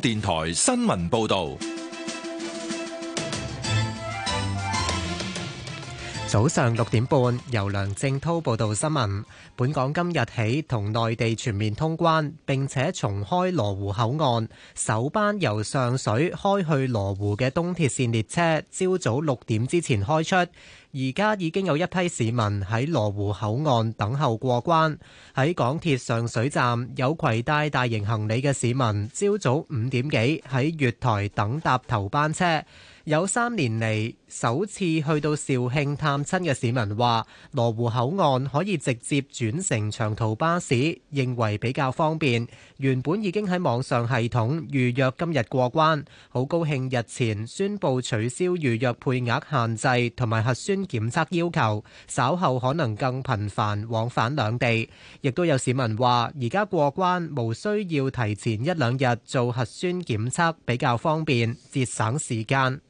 電台新聞報道。早上六點半，由梁正滔報道新聞。本港今日起同內地全面通關，並且重開羅湖口岸。首班由上水開去羅湖嘅東鐵線列車，朝早六點之前開出。而家已經有一批市民喺羅湖口岸等候過關。喺港鐵上水站，有攜帶大，大型行李嘅市民，朝早五點幾喺月台等搭頭班車。有三年嚟，首次去到肇慶探親嘅市民話，羅湖口岸可以直接轉乘長途巴士，認為比較方便。原本已經喺網上系統預約今日過關，好高興日前宣布取消預約配額限制同埋核酸檢測要求，稍後可能更頻繁往返兩地。亦都有市民話而家過關無需要提前一兩日做核酸檢測比較方便，節省時間。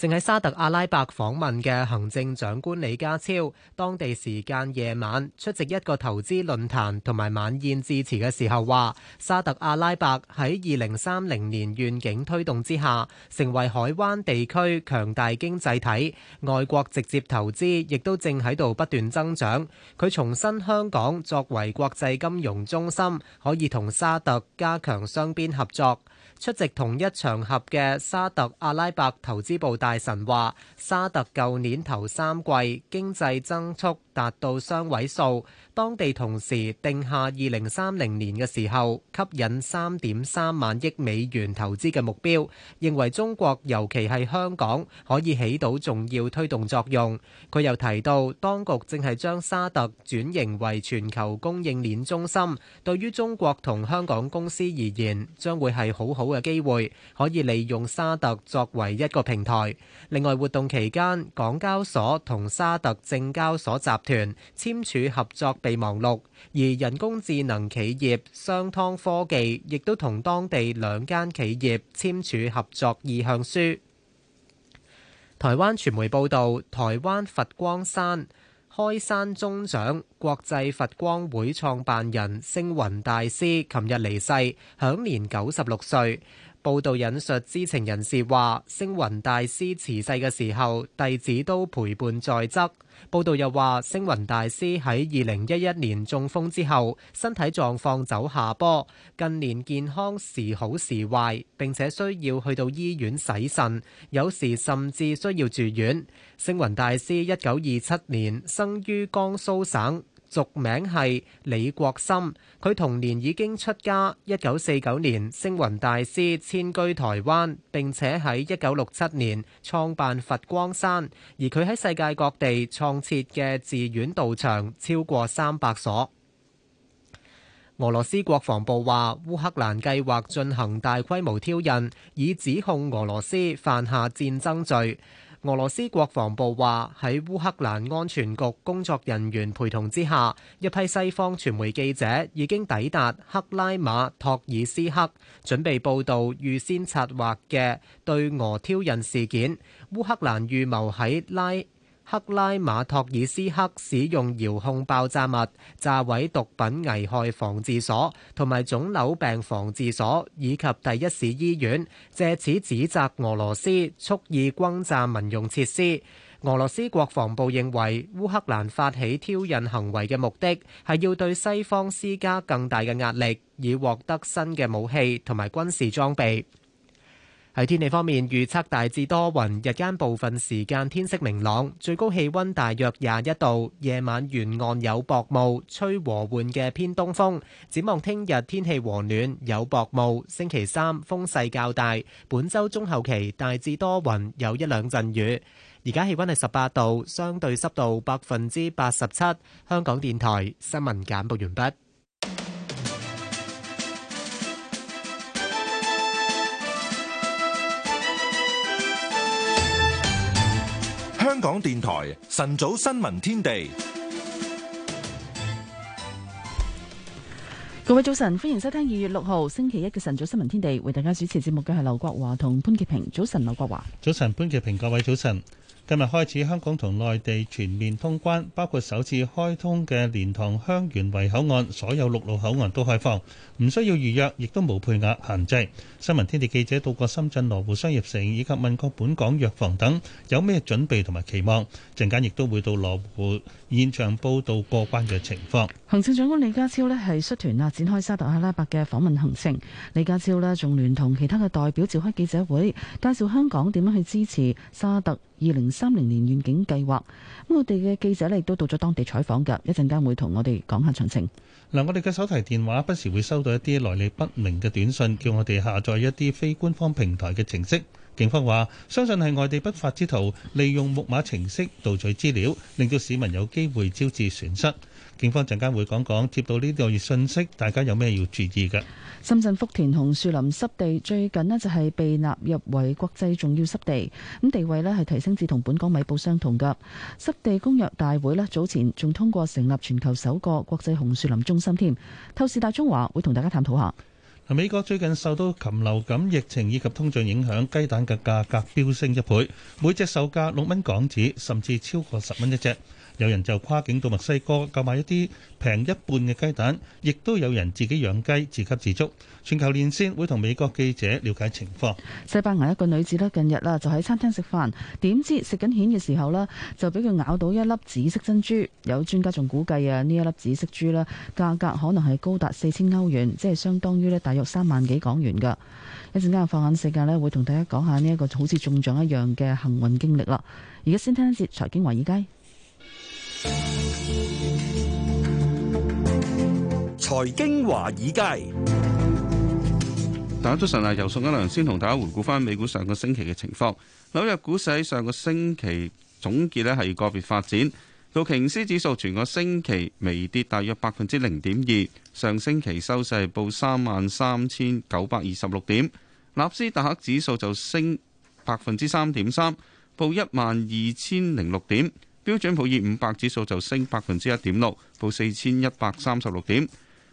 正喺沙特阿拉伯訪問嘅行政長官李家超，當地時間夜晚出席一個投資論壇同埋晚宴致辭嘅時候話，沙特阿拉伯喺二零三零年願景推動之下，成為海灣地區強大經濟體，外國直接投資亦都正喺度不斷增長。佢重申香港作為國際金融中心，可以同沙特加強雙邊合作。出席同一場合嘅沙特阿拉伯投資部大臣話，沙特舊年頭三季經濟增速達到雙位數。當地同時定下二零三零年嘅時候吸引三點三萬億美元投資嘅目標，認為中國尤其係香港可以起到重要推動作用。佢又提到，當局正係將沙特轉型為全球供應鏈中心，對於中國同香港公司而言，將會係好好嘅機會，可以利用沙特作為一個平台。另外活動期間，港交所同沙特證交所集團簽署合作備忘錄，而人工智能企業商湯科技亦都同當地兩間企業簽署合作意向書。台灣傳媒報道，台灣佛光山開山宗長、國際佛光會創辦人星雲大師，琴日離世，享年九十六歲。報道引述知情人士話：星雲大師辭世嘅時候，弟子都陪伴在側。報道又話，星雲大師喺二零一一年中風之後，身體狀況走下坡，近年健康時好時壞，並且需要去到醫院洗腎，有時甚至需要住院。星雲大師一九二七年生於江蘇省。俗名係李國深，佢同年已經出家。一九四九年，星雲大師遷居台灣，並且喺一九六七年創辦佛光山。而佢喺世界各地創設嘅寺院道場超過三百所。俄羅斯國防部話，烏克蘭計劃進行大規模挑釁，以指控俄羅斯犯下戰爭罪。俄羅斯國防部話，喺烏克蘭安全局工作人員陪同之下，一批西方傳媒記者已經抵達克拉馬托爾斯克，準備報導預先策劃嘅對俄挑釁事件。烏克蘭預謀喺拉。克拉馬托爾斯克使用遙控爆炸物炸毀毒品危害防治所同埋腫瘤病防治所以及第一市醫院，藉此指責俄羅斯蓄意轟炸民用設施。俄羅斯國防部認為，烏克蘭發起挑釁行為嘅目的係要對西方施加更大嘅壓力，以獲得新嘅武器同埋軍事裝備。喺天氣方面，預測大致多雲，日間部分時間天色明朗，最高氣溫大約廿一度，夜晚沿岸有薄霧，吹和緩嘅偏東風。展望聽日天，天氣和暖，有薄霧，星期三風勢較大。本周中後期大致多雲，有一兩陣雨。而家氣溫係十八度，相對濕度百分之八十七。香港電台新聞簡報完畢。香港電台晨早新聞天地，各位早晨，歡迎收聽二月六號星期一嘅晨早新聞天地，為大家主持節目嘅係劉國華同潘潔平。早晨，劉國華。早晨，潘潔平。各位早晨。今日開始，香港同內地全面通關，包括首次開通嘅蓮塘香園圍口岸，所有陸路口岸都開放，唔需要預約，亦都冇配額限制。新聞天地記者到過深圳羅湖商業城，以及問過本港藥房等，有咩準備同埋期望？陣間亦都會到羅湖。現場報道過關嘅情況。行政長官李家超呢係率團啊，展開沙特阿拉伯嘅訪問行程。李家超呢仲聯同其他嘅代表召開記者會，介紹香港點樣去支持沙特二零三零年願景計劃。咁我哋嘅記者呢亦都到咗當地採訪㗎，一陣間會同我哋講下詳情。嗱，我哋嘅手提電話不時會收到一啲來歷不明嘅短信，叫我哋下載一啲非官方平台嘅程式。警方話：相信係外地不法之徒利用木馬程式盜取資料，令到市民有機會招致損失。警方陣間會講講接到呢類信息，大家有咩要注意嘅？深圳福田紅樹林濕地最近呢就係被納入為國際重要濕地，咁地位呢係提升至同本港米埔相同嘅。濕地公約大會呢，早前仲通過成立全球首個國際紅樹林中心添。透視大中華會同大家探討下。美國最近受到禽流感疫情以及通脹影響，雞蛋嘅價格飆升一倍，每隻售價六蚊港紙，甚至超過十蚊一隻。有人就跨境到墨西哥購買一啲平一半嘅雞蛋，亦都有人自己養雞自給自足。全球連線會同美國記者了解情況。西班牙一個女子呢，近日啦就喺餐廳食飯，點知食緊蜆嘅時候呢，就俾佢咬到一粒紫色珍珠。有專家仲估計啊，呢一粒紫色珠呢，價格可能係高達四千歐元，即係相當於呢大約三萬幾港元㗎。一陣間放眼世界呢，會同大家講下呢一個好似中獎一樣嘅幸運經歷啦。而家先聽一節財經華爾街。財經華爾街，大家早晨啊！由宋一良先同大家回顧翻美股上個星期嘅情況。紐約股市喺上個星期總結咧係個別發展，道瓊斯指數全個星期微跌大約百分之零點二，上星期收市報三萬三千九百二十六點，納斯達克指數就升百分之三點三，報一萬二千零六點。標準普爾五百指數就升百分之一點六，報四千一百三十六點。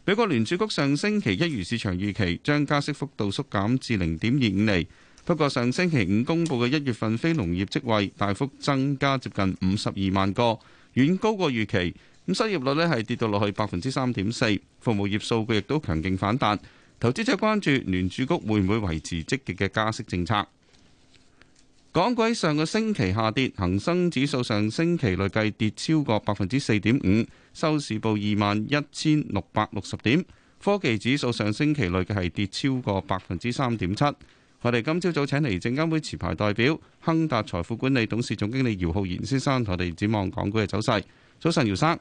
美國聯儲局上星期一如市場預期，將加息幅度縮減至零點二五厘。不過上星期五公布嘅一月份非農業職位大幅增加，接近五十二萬個，遠高過預期。咁失業率呢係跌到落去百分之三點四，服務業數據亦都強勁反彈。投資者關注聯儲局會唔會維持積極嘅加息政策。港股上個星期下跌，恒生指數上星期累計跌超過百分之四點五，收市報二萬一千六百六十點。科技指數上星期累計係跌超過百分之三點七。我哋今朝早，早請嚟證監會持牌代表亨達財富管理董事總經理姚浩然先生，同我哋展望港股嘅走勢。早晨，姚生。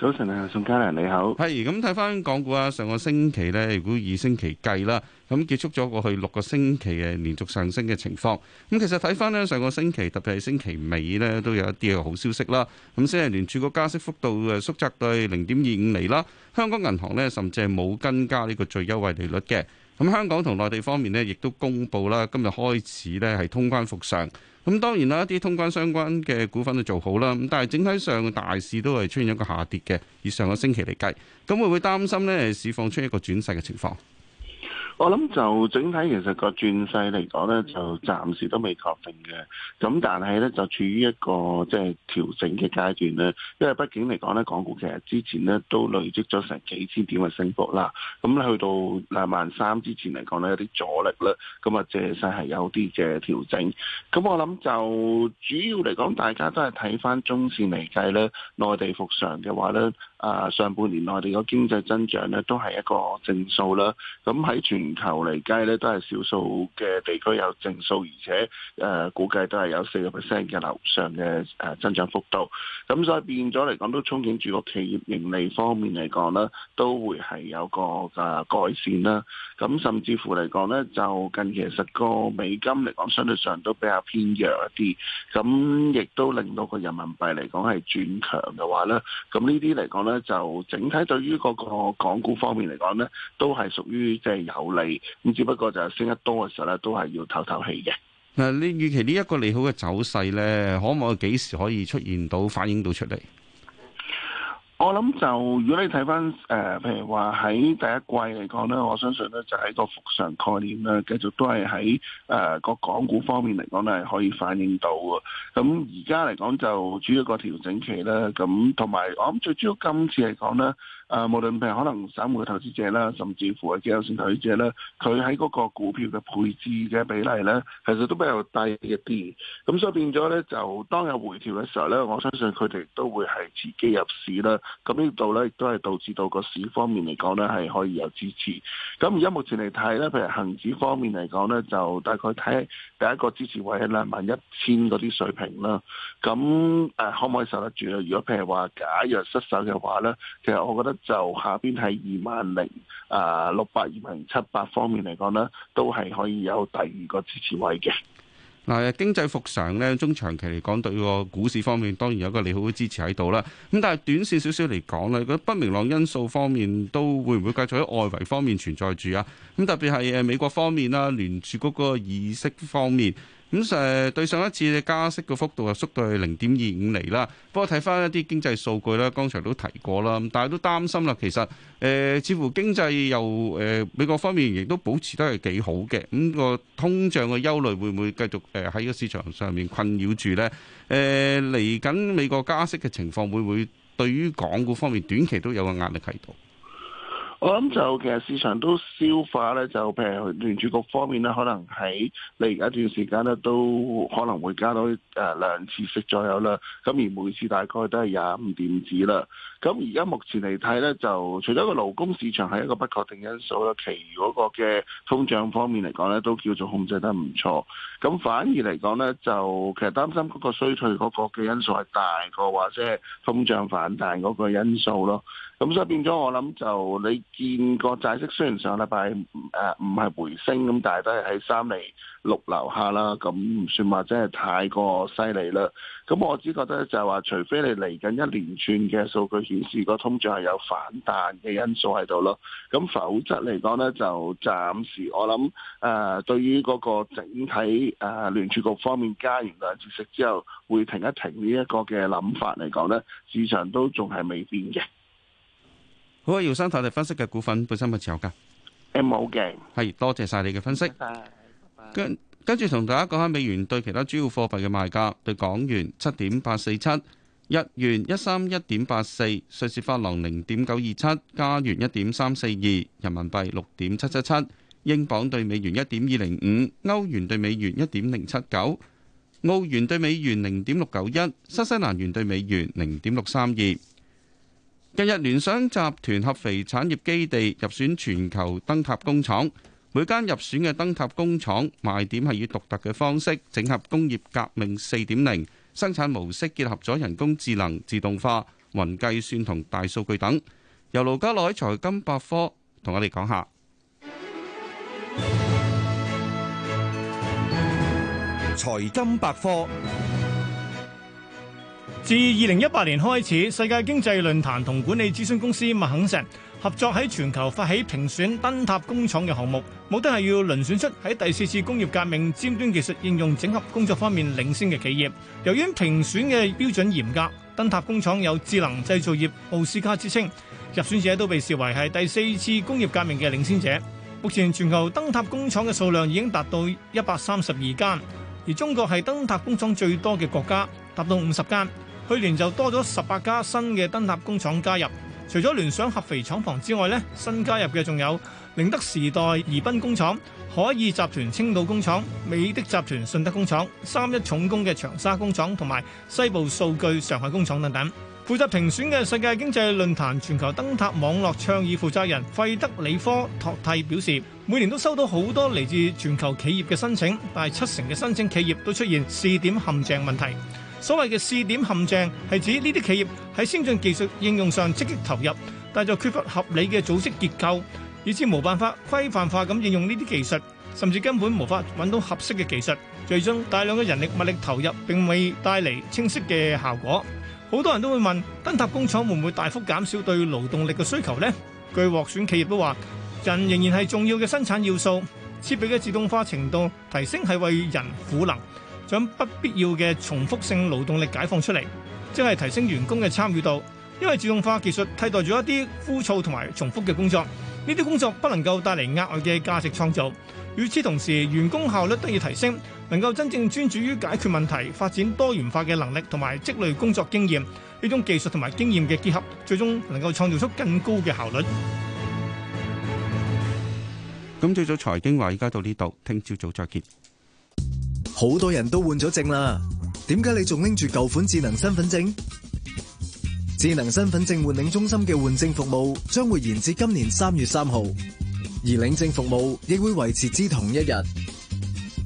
早晨啊，宋嘉良你好。係，咁睇翻港股啊，上個星期咧，如果以星期計啦，咁結束咗過去六個星期嘅連續上升嘅情況。咁其實睇翻咧，上個星期特別係星期尾咧，都有一啲嘅好消息啦。咁先係聯儲局加息幅度誒縮窄到係零點二五厘啦。香港銀行咧甚至係冇跟加呢個最優惠利率嘅。咁香港同內地方面咧，亦都公布啦，今日開始咧係通關復常。咁當然啦，一啲通關相關嘅股份都做好啦，咁但係整體上大市都係出現一個下跌嘅，以上個星期嚟計，咁會唔會擔心咧，市況出一個轉勢嘅情況？我諗就整體其實個轉勢嚟講咧，就暫時都未確定嘅。咁但係咧，就處於一個即係調整嘅階段咧。因為畢竟嚟講咧，港股其實之前咧都累積咗成幾千點嘅升幅啦。咁去到兩萬三之前嚟講咧，有啲阻力啦。咁啊，借勢係有啲嘅調整。咁我諗就主要嚟講，大家都係睇翻中線嚟計咧，內地復常嘅話咧。啊，上半年內地個經濟增長咧都係一個正數啦，咁喺全球嚟計咧都係少數嘅地區有正數，而且誒、呃、估計都係有四個 percent 嘅樓上嘅誒增長幅度，咁所以變咗嚟講都憧憬住個企業盈利方面嚟講咧，都會係有個誒改善啦，咁甚至乎嚟講咧就近期其實個美金嚟講相對上都比較偏弱一啲，咁亦都令到個人民幣嚟講係轉強嘅話咧，咁呢啲嚟講咧就整體對於嗰個港股方面嚟講咧，都係屬於即係有利，咁只不過就係升得多嘅時候咧，都係要透透氣嘅。嗱，呃，你預期呢一個利好嘅走勢咧，可唔可以幾時可以出現到反映到出嚟？我諗就如果你睇翻誒，譬如話喺第一季嚟講咧，我相信咧就係一個復常概念咧，繼續都係喺誒個港股方面嚟講咧係可以反映到嘅。咁而家嚟講就主要個調整期啦。咁同埋我諗最主要今次嚟講咧。啊、呃，無論譬如可能散戶投資者啦，甚至乎係機構性投資者啦，佢喺嗰個股票嘅配置嘅比例咧，其實都比較低一啲。咁所以變咗咧，就當有回調嘅時候咧，我相信佢哋都會係自己入市啦。咁呢度咧，亦都係導致到個市方面嚟講咧，係可以有支持。咁而家目前嚟睇咧，譬如恒指方面嚟講咧，就大概睇第一個支持位係兩萬一千嗰啲水平啦。咁誒、呃，可唔可以受得住啊？如果譬如話假若失守嘅話咧，其實我覺得。就下邊喺二萬零啊六百二萬零七百方面嚟講呢，都係可以有第二個支持位嘅。嗱，經濟復常呢，中長期嚟講對個股市方面，當然有一個利好嘅支持喺度啦。咁但係短綫少少嚟講咧，嗰，不明朗因素方面，都會唔會繼續喺外圍方面存在住啊？咁特別係誒美國方面啦，聯儲局個議息方面。咁誒、嗯、對上一次嘅加息嘅幅度係縮到去零點二五厘啦，不過睇返一啲經濟數據啦，剛才都提過啦，咁大家都擔心啦。其實誒、呃，似乎經濟又誒、呃、美國方面亦都保持得係幾好嘅，咁、嗯、個通脹嘅憂慮會唔會繼續誒喺個市場上面困擾住咧？誒嚟緊美國加息嘅情況會唔會對於港股方面短期都有個壓力喺度？我諗就其實市場都消化咧，就譬如聯儲局方面咧，可能喺嚟而家一段時間咧，都可能會加到誒兩次息左右啦。咁而每次大概都係廿五點子啦。咁而家目前嚟睇咧，就除咗個勞工市場係一個不確定因素啦，其餘嗰個嘅通脹方面嚟講咧，都叫做控制得唔錯。咁反而嚟講咧，就其實擔心嗰個衰退嗰個嘅因素係大過話即係通脹反彈嗰個因素咯。咁所以變咗我諗就，你見個債息雖然上個禮拜誒唔係回升，咁但係都係喺三厘六樓下啦，咁唔算話真係太過犀利啦。咁我只覺得就係話，除非你嚟緊一連串嘅數據顯示個通脹係有反彈嘅因素喺度咯，咁否則嚟講咧，就暫時我諗誒、呃，對於嗰個整體誒、呃、聯儲局方面加完兩次息之後，會停一停呢一個嘅諗法嚟講咧，市場都仲係未變嘅。好啊，姚生睇你分析嘅股份本身係持有噶，冇嘅，係多謝晒你嘅分析。謝謝，拜拜。跟住同大家講下美元對其他主要貨幣嘅賣價：對港元七點八四七，日元一三一點八四，瑞士法郎零點九二七，加元一點三四二，人民幣六點七七七，英鎊對美元一點二零五，歐元對美元一點零七九，澳元對美元零點六九一，新西蘭元對美元零點六三二。近日，聯想集團合肥產業基地入選全球燈塔工廠。每間入選嘅燈塔工廠賣點係以獨特嘅方式整合工業革命四點零生產模式，結合咗人工智能、自動化、雲計算同大數據等。由盧家來財金百科同我哋講下財金百科。自二零一八年開始，世界經濟論壇同管理諮詢公司麥肯錫，合作喺全球發起評選燈塔工廠嘅項目，目的係要遴選出喺第四次工業革命尖端技術應用整合工作方面領先嘅企業。由於評選嘅標準嚴格，燈塔工廠有智能製造業奧斯卡之稱，入選者都被視為係第四次工業革命嘅領先者。目前全球燈塔工廠嘅數量已經達到一百三十二間，而中國係燈塔工廠最多嘅國家，達到五十間，去年就多咗十八家新嘅燈塔工廠加入。除咗聯想合肥廠房之外，呢新加入嘅仲有寧德時代宜賓工廠、海爾集團青島工廠、美的集團順德工廠、三一重工嘅長沙工廠同埋西部數據上海工廠等等。負責評選嘅世界經濟論壇全球燈塔網絡倡議負責人費德里科托蒂表示，每年都收到好多嚟自全球企業嘅申請，但係七成嘅申請企業都出現試點陷阱問題。所謂嘅試點陷阱係指呢啲企業喺先進技術應用上積極投入，但就缺乏合理嘅組織結構，以至冇辦法規範化咁應用呢啲技術，甚至根本無法搵到合適嘅技術，最終大量嘅人力物力投入並未帶嚟清晰嘅效果。好多人都會問，燈塔工廠會唔會大幅減少對勞動力嘅需求呢？據獲選企業都話，人仍然係重要嘅生產要素，設備嘅自動化程度提升係為人賦能。將不必要嘅重複性勞動力解放出嚟，即係提升員工嘅參與度。因為自動化技術替代咗一啲枯燥同埋重複嘅工作，呢啲工作不能夠帶嚟額外嘅價值創造。與此同時，員工效率得以提升，能夠真正專注於解決問題、發展多元化嘅能力同埋積累工作經驗。呢種技術同埋經驗嘅結合，最終能夠創造出更高嘅效率。咁朝早財經話，依家到呢度，聽朝早再見。好多人都換咗證啦，點解你仲拎住舊款智能身份證？智能身份證換領中心嘅換證服務將會延至今年三月三號，而領證服務亦會維持至同一日。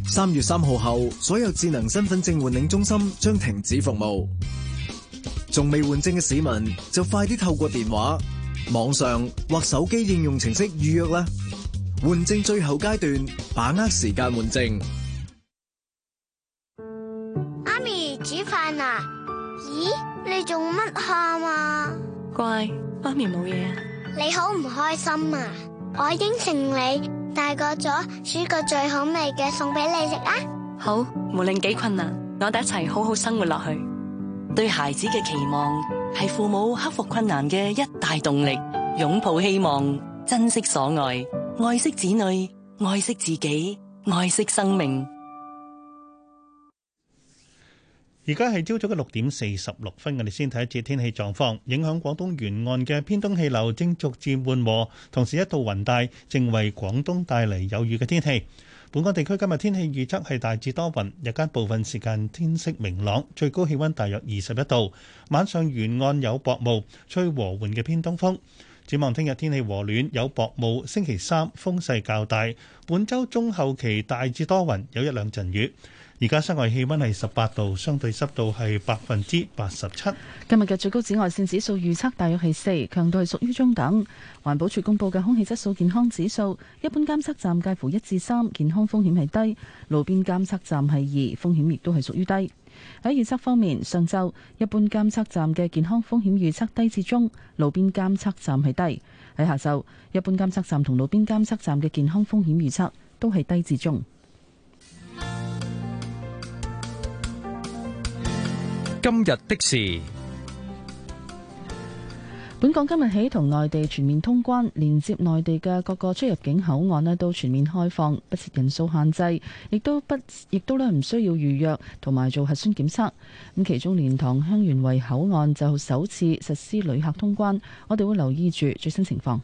三月三號後，所有智能身份證換領中心將停止服務。仲未換證嘅市民就快啲透過電話、網上或手機應用程式預約啦。換證最後階段，把握時間換證。媽咪煮飯啊？咦，你做乜喊啊？乖，媽咪冇嘢啊。你好唔開心啊！我應承你，大個咗，煮個最好味嘅餸俾你食啊。好，無論幾困難，我哋一齊好好生活落去。對孩子嘅期望係父母克服困難嘅一大動力，擁抱希望，珍惜所愛，愛惜子女，愛惜自己，愛惜生命。而家係朝早嘅六點四十六分，我哋先睇一節天氣狀況。影響廣東沿岸嘅偏東氣流正逐漸緩和，同時一道雲帶正為廣東帶嚟有雨嘅天氣。本港地區今日天，天氣預測係大致多雲，日間部分時間天色明朗，最高氣温大約二十一度。晚上沿岸有薄霧，吹和緩嘅偏東風。展望聽日天，天氣和暖，有薄霧。星期三風勢較大，本週中後期大致多雲，有一兩陣雨。而家室外氣溫係十八度，相對濕度係百分之八十七。今日嘅最高紫外線指數預測大約係四，強度係屬於中等。環保署公布嘅空氣質素健康指數，一般監測站介乎一至三，健康風險係低；路邊監測站係二，風險亦都係屬於低。喺預測方面，上晝一般監測站嘅健康風險預測低至中，路邊監測站係低。喺下晝，一般監測站同路邊監測站嘅健康風險預測都係低至中。今日的事，本港今日起同內地全面通關，連接內地嘅各個出入境口岸咧都全面開放，不設人數限制，亦都不亦都咧唔需要預約同埋做核酸檢測。咁其中蓮塘香園圍口岸就首次實施旅客通關，我哋會留意住最新情況。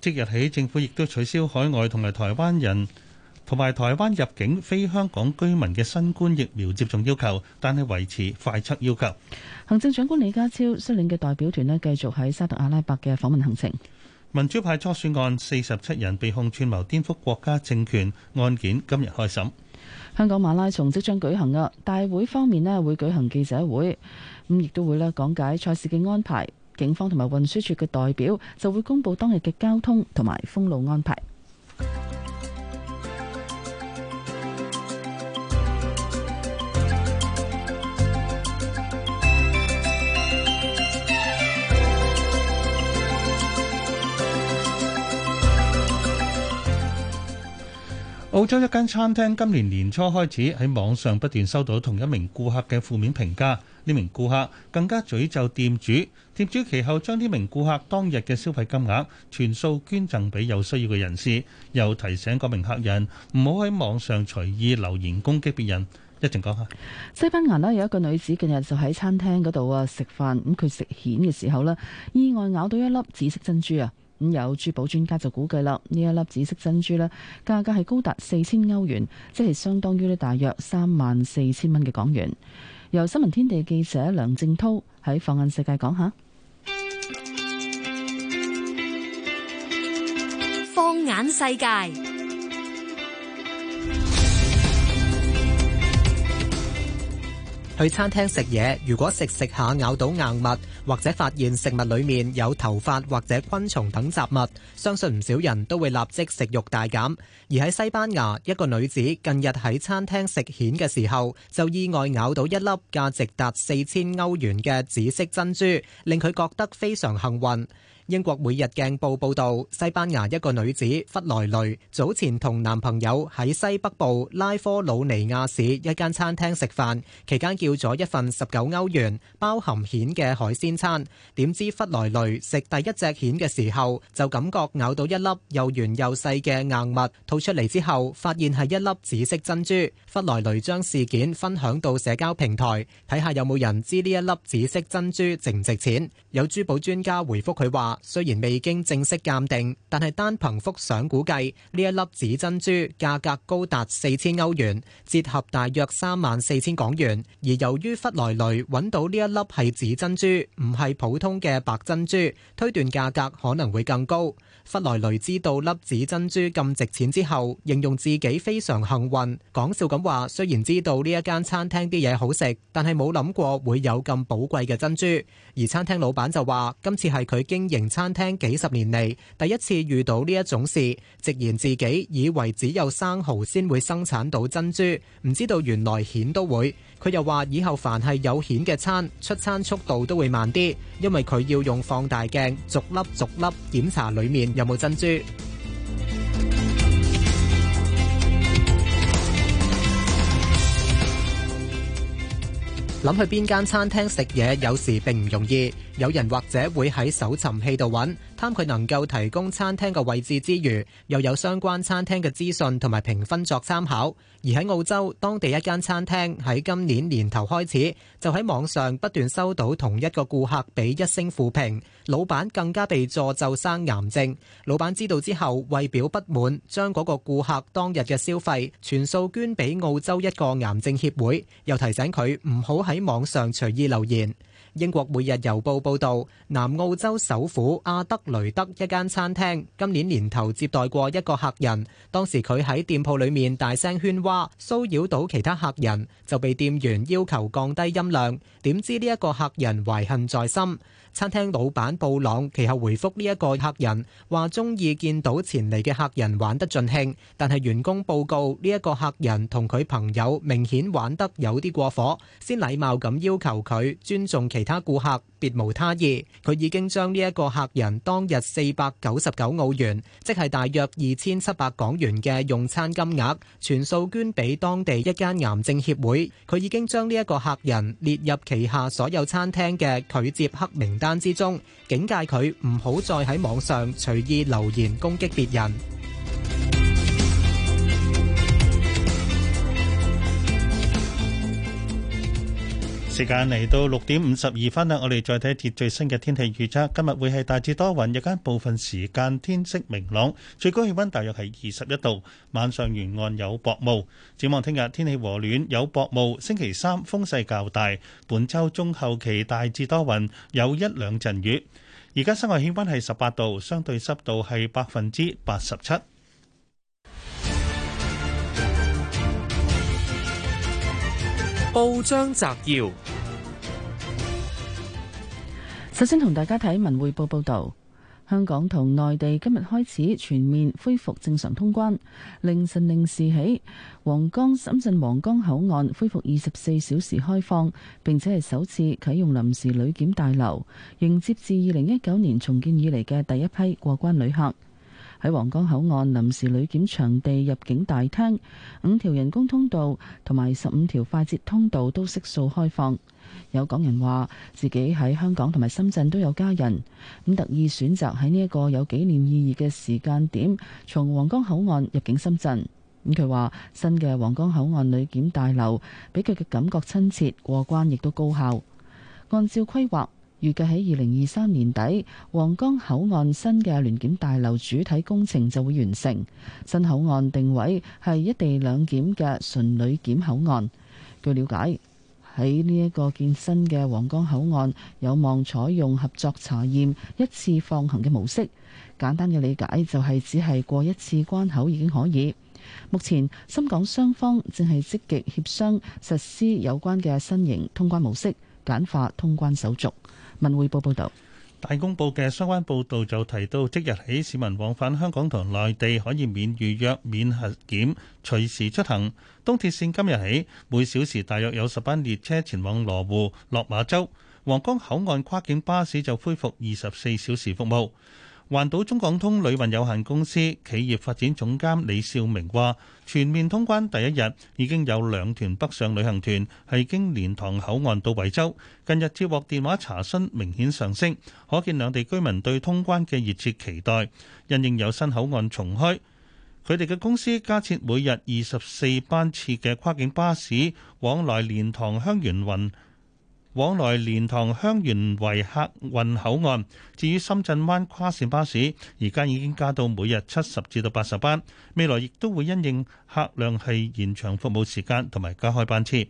即日起，政府亦都取消海外同埋台灣人。同埋台灣入境非香港居民嘅新冠疫苗接種要求，但係維持快測要求。行政長官李家超率領嘅代表團咧，繼續喺沙特阿拉伯嘅訪問行程。民主派初選案四十七人被控串謀顛覆國家政權案件今日開審。香港馬拉松即將舉行啊！大會方面咧會舉行記者會，咁亦都會咧講解賽事嘅安排。警方同埋運輸署嘅代表就會公布當日嘅交通同埋封路安排。澳洲一間餐廳今年年初開始喺網上不斷收到同一名顧客嘅負面評價，呢名顧客更加詛咒店主。店主其後將呢名顧客當日嘅消費金額全數捐贈俾有需要嘅人士，又提醒嗰名客人唔好喺網上隨意留言攻擊別人。一陣講下。西班牙呢，有一個女子近日就喺餐廳嗰度啊食飯，咁佢食蜆嘅時候呢，意外咬到一粒紫色珍珠啊！有珠寶專家就估計啦，呢一粒紫色珍珠呢，價格係高達四千歐元，即係相當於呢大約三萬四千蚊嘅港元。由新聞天地記者梁正濤喺放眼世界講下，放眼世界。去餐廳食嘢，如果食食下咬到硬物，或者發現食物裡面有頭髮或者昆蟲等雜物，相信唔少人都會立即食慾大減。而喺西班牙，一個女子近日喺餐廳食蜆嘅時候，就意外咬到一粒價值達四千歐元嘅紫色珍珠，令佢覺得非常幸運。英國每日鏡報報道，西班牙一個女子弗萊雷早前同男朋友喺西北部拉科魯尼亞市一間餐廳食飯，期間叫咗一份十九歐元包含蜆嘅海鮮餐。點知弗萊雷食第一隻蜆嘅時候，就感覺咬到一粒又圓又細嘅硬物，吐出嚟之後發現係一粒紫色珍珠。弗萊雷將事件分享到社交平台，睇下有冇人知呢一粒紫色珍珠值唔值錢。有珠寶專家回覆佢話：雖然未經正式鑒定，但係單憑幅相估計，呢一粒紫珍珠價格高達四千歐元，折合大約三萬四千港元。而由於弗萊雷揾到呢一粒係紫珍珠，唔係普通嘅白珍珠，推斷價格可能會更高。弗萊雷知道粒紫珍珠咁值錢之後，形容自己非常幸運，講笑咁話：雖然知道呢一間餐廳啲嘢好食，但係冇諗過會有咁寶貴嘅珍珠。而餐廳老闆就話：今次係佢經營餐廳幾十年嚟第一次遇到呢一種事，直言自己以為只有生蠔先會生產到珍珠，唔知道原來蜆都會。佢又話：以後凡係有蜆嘅餐，出餐速度都會慢啲，因為佢要用放大鏡逐粒逐粒檢查裡面有冇珍珠。諗 去邊間餐廳食嘢，有時並唔容易。有人或者會喺搜尋器度揾，貪佢能夠提供餐廳嘅位置之餘，又有相關餐廳嘅資訊同埋評分作參考。而喺澳洲，當地一間餐廳喺今年年頭開始，就喺網上不斷收到同一個顧客俾一星負評，老闆更加被助就生癌症。老闆知道之後，為表不滿，將嗰個顧客當日嘅消費全數捐俾澳洲一個癌症協會，又提醒佢唔好喺網上隨意留言。英國每日郵報報導，南澳洲首府阿德雷德一間餐廳今年年頭接待過一個客人，當時佢喺店鋪裡面大聲喧譁，騷擾到其他客人，就被店員要求降低音量。點知呢個客人懷恨在心。餐廳老闆布朗其後回覆呢一個客人，話鍾意見到前嚟嘅客人玩得盡興，但係員工報告呢一個客人同佢朋友明顯玩得有啲過火，先禮貌咁要求佢尊重其他顧客，別無他意。佢已經將呢一個客人當日四百九十九澳元，即係大約二千七百港元嘅用餐金額全數捐俾當地一間癌症協會。佢已經將呢一個客人列入旗下所有餐廳嘅拒接黑名單之中，警戒佢唔好再喺網上隨意留言攻擊別人。時間嚟到六點五十二分啦，我哋再睇一節最新嘅天氣預測。今日會係大致多雲，日間部分時間天色明朗，最高氣溫大約係二十一度，晚上沿岸有薄霧。展望聽日天氣和暖，有薄霧。星期三風勢較大，本周中後期大致多雲，有一兩陣雨。而家室外氣溫係十八度，相對濕度係百分之八十七。報章摘要：首先同大家睇《文匯報》報道，香港同內地今日開始全面恢復正常通關。凌晨零時起，皇崗深圳皇崗口岸恢復二十四小時開放，並且係首次啟用臨時旅檢大樓，迎接自二零一九年重建以嚟嘅第一批過關旅客。喺皇崗口岸臨時旅檢場地入境大廳，五條人工通道同埋十五條快捷通道都悉數開放。有港人話自己喺香港同埋深圳都有家人，咁特意選擇喺呢一個有紀念意義嘅時間點，從皇崗口岸入境深圳。咁佢話新嘅皇崗口岸旅檢大樓俾佢嘅感覺親切，過關亦都高效。按照規劃，預計喺二零二三年底，皇崗口岸新嘅聯檢大樓主體工程就會完成。新口岸定位係一地兩檢嘅純旅檢口岸。據了解，喺呢一個建新嘅皇崗口岸，有望採用合作查驗一次放行嘅模式。簡單嘅理解就係只係過一次關口已經可以。目前深港雙方正係積極協商實施有關嘅新型通關模式，簡化通關手續。文匯報報道，大公報嘅相關報道就提到，即日起市民往返香港同內地可以免預約、免核檢，隨時出行。東鐵綫今日起每小時大約有十班列車前往羅湖、落馬洲。皇崗口岸跨境巴士就恢復二十四小時服務。環島中港通旅運有限公司企業發展總監李少明話：全面通關第一日已經有兩團北上旅行團係經蓮塘口岸到惠州，近日接獲電話查詢明顯上升，可見兩地居民對通關嘅熱切期待。因應有新口岸重開，佢哋嘅公司加設每日二十四班次嘅跨境巴士往來蓮塘香園圍。往來蓮塘香園圍客運口岸。至於深圳灣跨線巴士，而家已經加到每日七十至到八十班，未來亦都會因應客量係延長服務時間同埋加開班次。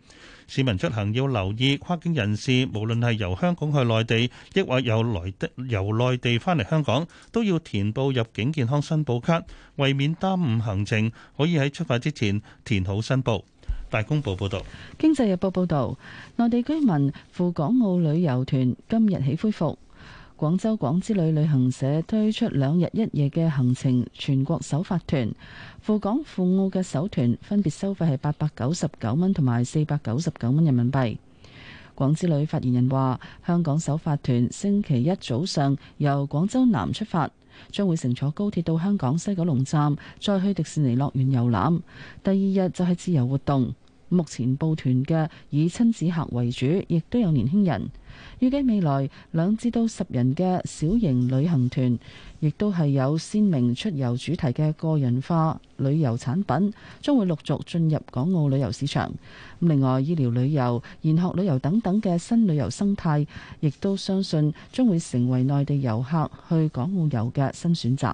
市民出行要留意，跨境人士無論係由香港去內地，抑或由來的由內地翻嚟香港，都要填報入境健康申報卡，為免耽誤行程，可以喺出發之前填好申報。大公報報道，《經濟日報》報道，內地居民赴港澳旅遊團今日起恢復。廣州廣之旅旅行社推出兩日一夜嘅行程，全國首發團，赴港赴澳嘅首團分別收費係八百九十九蚊同埋四百九十九蚊人民幣。廣之旅發言人話，香港首發團星期一早上由廣州南出發，將會乘坐高鐵到香港西九龍站，再去迪士尼樂園遊覽。第二日就係自由活動。目前報團嘅以親子客為主，亦都有年輕人。預計未來兩至到十人嘅小型旅行團，亦都係有鮮明出遊主題嘅個人化旅遊產品，將會陸續進入港澳旅遊市場。另外，醫療旅遊、研學旅遊等等嘅新旅遊生態，亦都相信將會成為內地遊客去港澳遊嘅新選擇。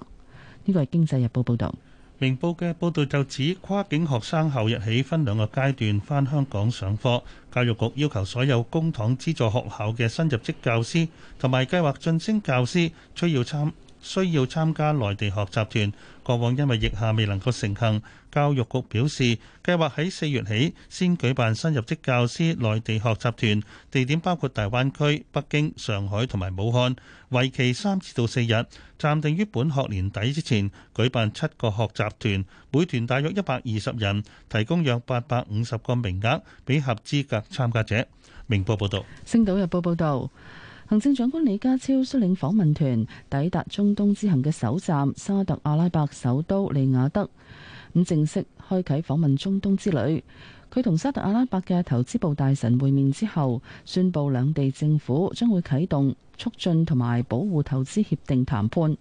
呢個係《經濟日報》報導。明報嘅報導就指，跨境學生後日起分兩個階段返香港上課，教育局要求所有公帑資助學校嘅新入職教師同埋計劃晉升教師，都要參。需要參加內地學習團，過往因為疫下未能夠成行。教育局表示，計劃喺四月起先舉辦新入職教師內地學習團，地點包括大灣區、北京、上海同埋武漢，為期三至到四日，暫定於本學年底之前舉辦七個學習團，每團大約一百二十人，提供約八百五十個名額俾合資格參加者。明報報道。星島日報報道。行政長官李家超率領訪問團抵達中東之行嘅首站沙特阿拉伯首都利雅德，咁正式開啟訪問中東之旅。佢同沙特阿拉伯嘅投資部大臣會面之後，宣佈兩地政府將會啟動促進同埋保護投資協定談判。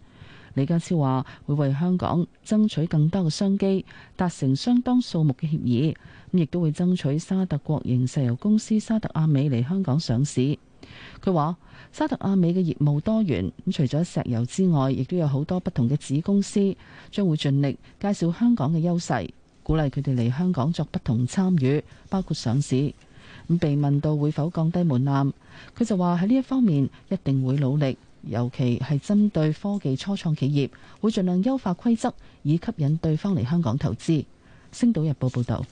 李家超話會為香港爭取更多嘅商機，達成相當數目嘅協議，咁亦都會爭取沙特國營石油公司沙特阿美嚟香港上市。佢話。沙特阿美嘅業務多元，咁除咗石油之外，亦都有好多不同嘅子公司，將會盡力介紹香港嘅優勢，鼓勵佢哋嚟香港作不同參與，包括上市。咁被問到會否降低門檻，佢就話喺呢一方面一定會努力，尤其係針對科技初創企業，會盡量優化規則，以吸引對方嚟香港投資。星島日報報道，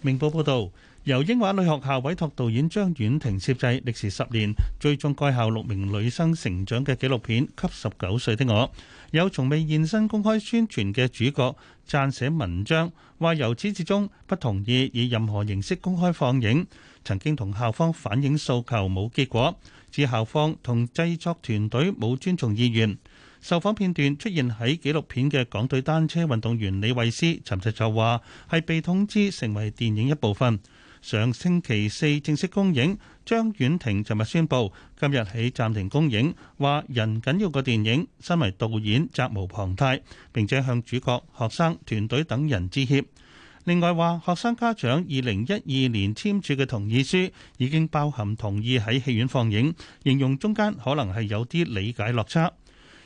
明報報道。由英華女學校委託導演張婉婷攝製，歷時十年，追蹤該校六名女生成長嘅紀錄片《給十九歲的我》，有從未現身公開宣傳嘅主角撰寫文章，話由始至終不同意以任何形式公開放映。曾經同校方反映訴求冇結果，指校方同製作團隊冇尊重意願。受訪片段出現喺紀錄片嘅港隊單車運動員李慧詩，尋日就話係被通知成為電影一部分。上星期四正式公映，張婉婷尋日宣布今日起暫停公映，話人緊要過電影，身為導演責無旁貸，並且向主角、學生、團隊等人致歉。另外話學生家長二零一二年簽署嘅同意書已經包含同意喺戲院放映，形容中間可能係有啲理解落差。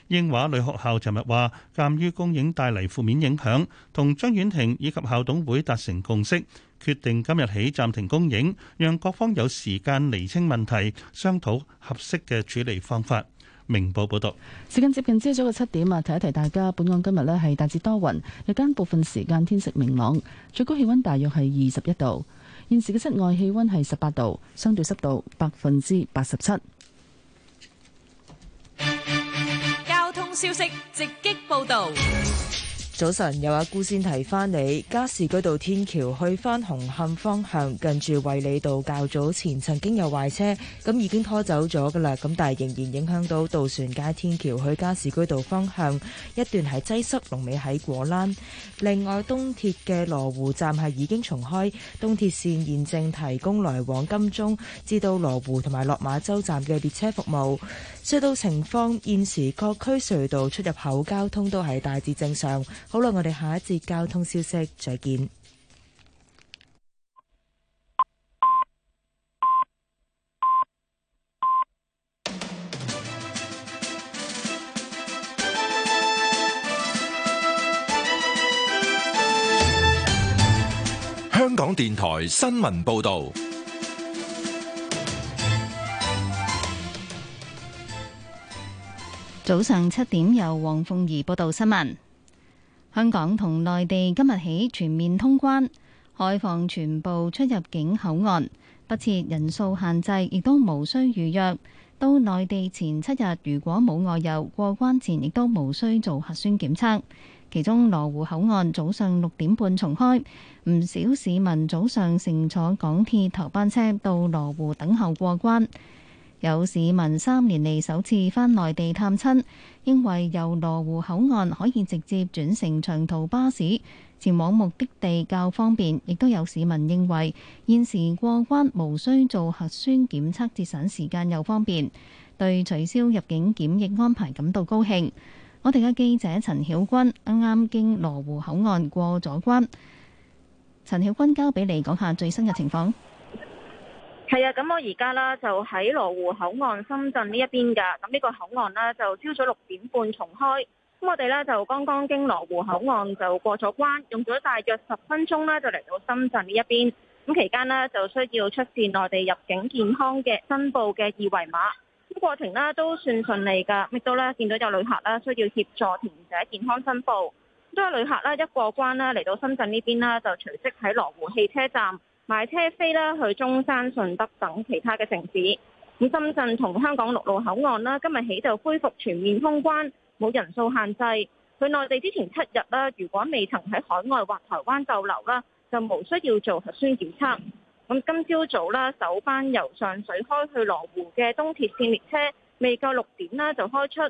英華女學校尋日話鑒於公映帶嚟負面影響同張婉婷以及校董會達成共識。決定今日起暫停供應，讓各方有時間厘清問題，商討合適嘅處理方法。明報報道。時間接近朝早嘅七點啊，提一提大家。本港今日咧，係大致多雲，日間部分時間天色明朗，最高氣溫大約係二十一度。現時嘅室外氣溫係十八度，相對濕度百分之八十七。交通消息直擊報道。早晨，有阿、啊、姑先提翻你，加士居道天橋去翻紅磡方向，近住衛理道較早前曾經有壞車，咁已經拖走咗噶啦，咁但係仍然影響到渡船街天橋去加士居道方向一段係擠塞，龍尾喺果欄，另外，東鐵嘅羅湖站係已經重開，東鐵綫現正提供來往金鐘，至到羅湖同埋落馬洲站嘅列車服務。隧道情況，現時各區隧道出入口交通都係大致正常。好啦，我哋下一節交通消息，再見。香港電台新聞報道。早上七點，由黃鳳儀報道新聞。香港同內地今日起全面通關，開放全部出入境口岸，不設人數限制，亦都無需預約。到內地前七日如果冇外遊，過關前亦都無需做核酸檢測。其中羅湖口岸早上六點半重開，唔少市民早上乘坐港鐵頭班車到羅湖等候過關。有市民三年嚟首次返內地探親，認為由羅湖口岸可以直接轉乘長途巴士前往目的地較方便，亦都有市民認為現時過關無需做核酸檢測，節省時間又方便，對取消入境檢疫安排感到高興。我哋嘅記者陳曉君啱啱經羅湖口岸過咗關，陳曉君交俾你講下最新嘅情況。係啊，咁我而家呢就喺羅湖口岸深圳呢一邊噶，咁呢個口岸呢就朝早六點半重開，咁我哋呢就剛剛經羅湖口岸就過咗關，用咗大約十分鐘呢就嚟到深圳呢一邊，咁期間呢就需要出示內地入境健康嘅申報嘅二維碼，咁過程呢都算順利噶，亦都呢見到有旅客啦需要協助填寫健康申報，咁都有旅客呢一過關啦嚟到深圳呢邊呢，就隨即喺羅湖汽車站。買車飛啦，去中山、順德等其他嘅城市。咁深圳同香港陸路口岸啦，今日起就恢復全面通關，冇人數限制。去內地之前七日啦，如果未曾喺海外或台灣逗留啦，就無需要做核酸檢測。咁今朝早啦，首班由上水開去羅湖嘅東鐵綫列車，未夠六點啦就開出，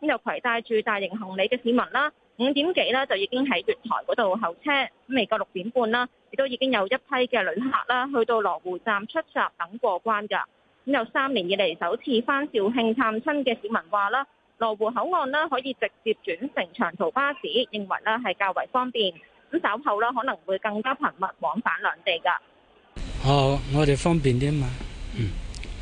咁就攜帶住大型行李嘅市民啦。五點幾咧，就已經喺月台嗰度候車。咁未夠六點半啦，亦都已經有一批嘅旅客啦，去到羅湖站出閘等過關噶。咁有三年以嚟首次翻肇慶探親嘅市民話啦，羅湖口岸啦可以直接轉乘長途巴士，認為啦係較為方便。咁稍後啦，可能會更加頻密往返兩地噶。好，好，我哋方便啲嘛？嗯，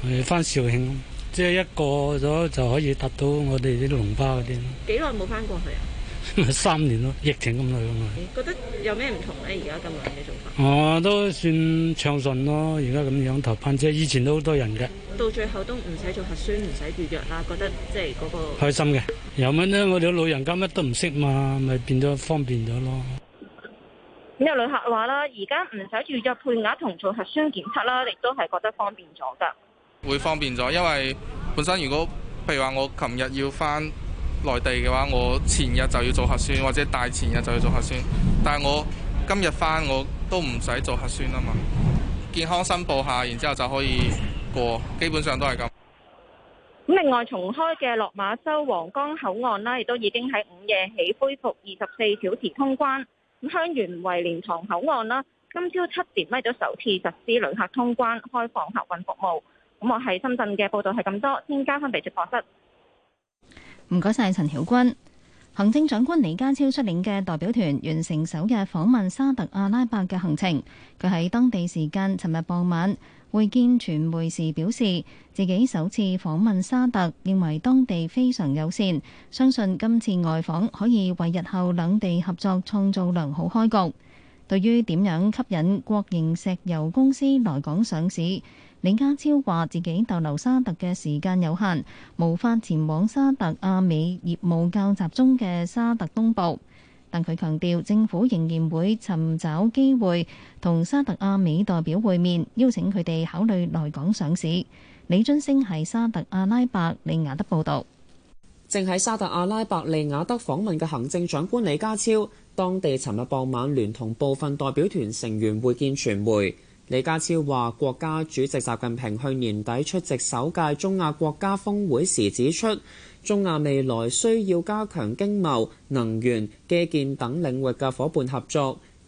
我哋翻肇慶，即係一過咗就可以搭到我哋啲龍巴嗰啲。幾耐冇翻過去啊？ 三年咯，疫情咁耐咁耐，覺得有咩唔同咧？而家咁樣嘅做法，我、啊、都算暢順咯。而家咁樣，頭班車以前都好多人嘅。到最後都唔使做核酸，唔使預約啦，覺得即係嗰個開心嘅。有乜呢？我哋老人家乜都唔識嘛，咪變咗方便咗咯。咁有旅客話啦，而家唔使預約配額同做核酸檢測啦，亦都係覺得方便咗噶。會方便咗，因為本身如果譬如話我琴日要返。內地嘅話，我前日就要做核酸，或者大前日就要做核酸。但係我今日返，我都唔使做核酸啊嘛，健康申報下，然之後就可以過，基本上都係咁。咁另外重開嘅落馬洲皇崗口岸啦，亦都已經喺午夜起恢復二十四小時通關。咁香園圍蓮塘口岸啦，今朝七點咧都首次實施旅客通關，開放客運服務。咁我喺深圳嘅報道係咁多，先交翻俾直播室。唔該晒，陳曉君，行政長官李家超率領嘅代表團完成首日訪問沙特阿拉伯嘅行程。佢喺當地時間尋日傍晚會見傳媒時表示，自己首次訪問沙特，認為當地非常友善，相信今次外訪可以為日後兩地合作創造良好開局。對於點樣吸引國營石油公司來港上市，李家超話：自己逗留沙特嘅時間有限，無法前往沙特阿美業務較集中嘅沙特東部。但佢強調，政府仍然會尋找機會同沙特阿美代表會面，邀請佢哋考慮來港上市。李津星喺沙特阿拉伯利雅德報道。正喺沙特阿拉伯利雅德訪問嘅行政長官李家超，當地尋日傍晚聯同部分代表團成員會見傳媒。李家超話：國家主席習近平去年底出席首屆中亞國家峰會時指出，中亞未來需要加強經貿、能源、基建等領域嘅夥伴合作。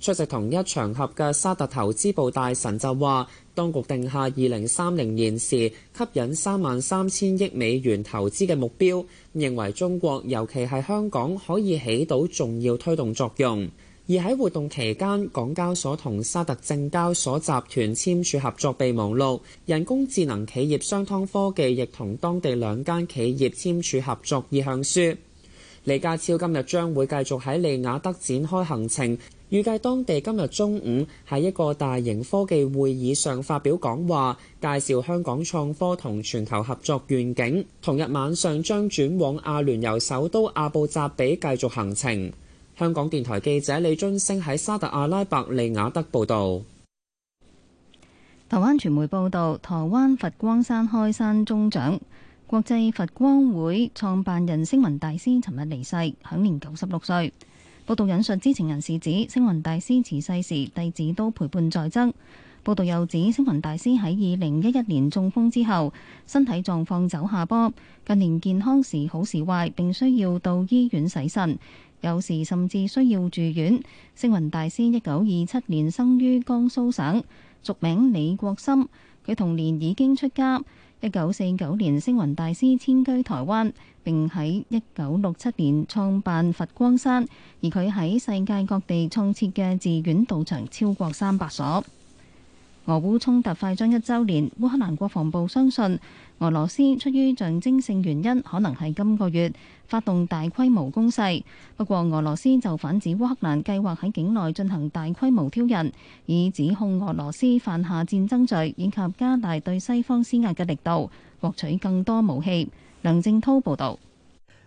出席同一場合嘅沙特投資部大臣就話，當局定下二零三零年時吸引三萬三千億美元投資嘅目標，認為中國尤其係香港可以起到重要推動作用。而喺活動期間，港交所同沙特證交所集團簽署合作備忘錄，人工智能企業商湯科技亦同當地兩間企業簽署合作意向書。李家超今日將會繼續喺利雅德展開行程。預計當地今日中午喺一個大型科技會議上發表講話，介紹香港創科同全球合作願景。同日晚上將轉往阿聯酋首都阿布扎比繼續行程。香港電台記者李津星喺沙特阿拉伯利雅德報導。台灣傳媒報導，台灣佛光山開山宗長、國際佛光會創辦人星雲大師，尋日離世，享年九十六歲。報道引述知情人士指，星雲大師辭世時，弟子都陪伴在側。報道又指，星雲大師喺二零一一年中風之後，身體狀況走下坡，近年健康時好時壞，並需要到醫院洗腎，有時甚至需要住院。星雲大師一九二七年生於江蘇省，俗名李國深。佢同年已經出家。一九四九年，星雲大師遷居台灣。並喺一九六七年創辦佛光山，而佢喺世界各地創設嘅寺院道場超過三百所。俄烏衝突快將一周年，烏克蘭國防部相信俄羅斯出於象徵性原因，可能係今個月發動大規模攻勢。不過俄羅斯就反指烏克蘭計劃喺境內進行大規模挑釁，以指控俄羅斯犯下戰爭罪，以及加大對西方施壓嘅力度，獲取更多武器。梁正濤報道，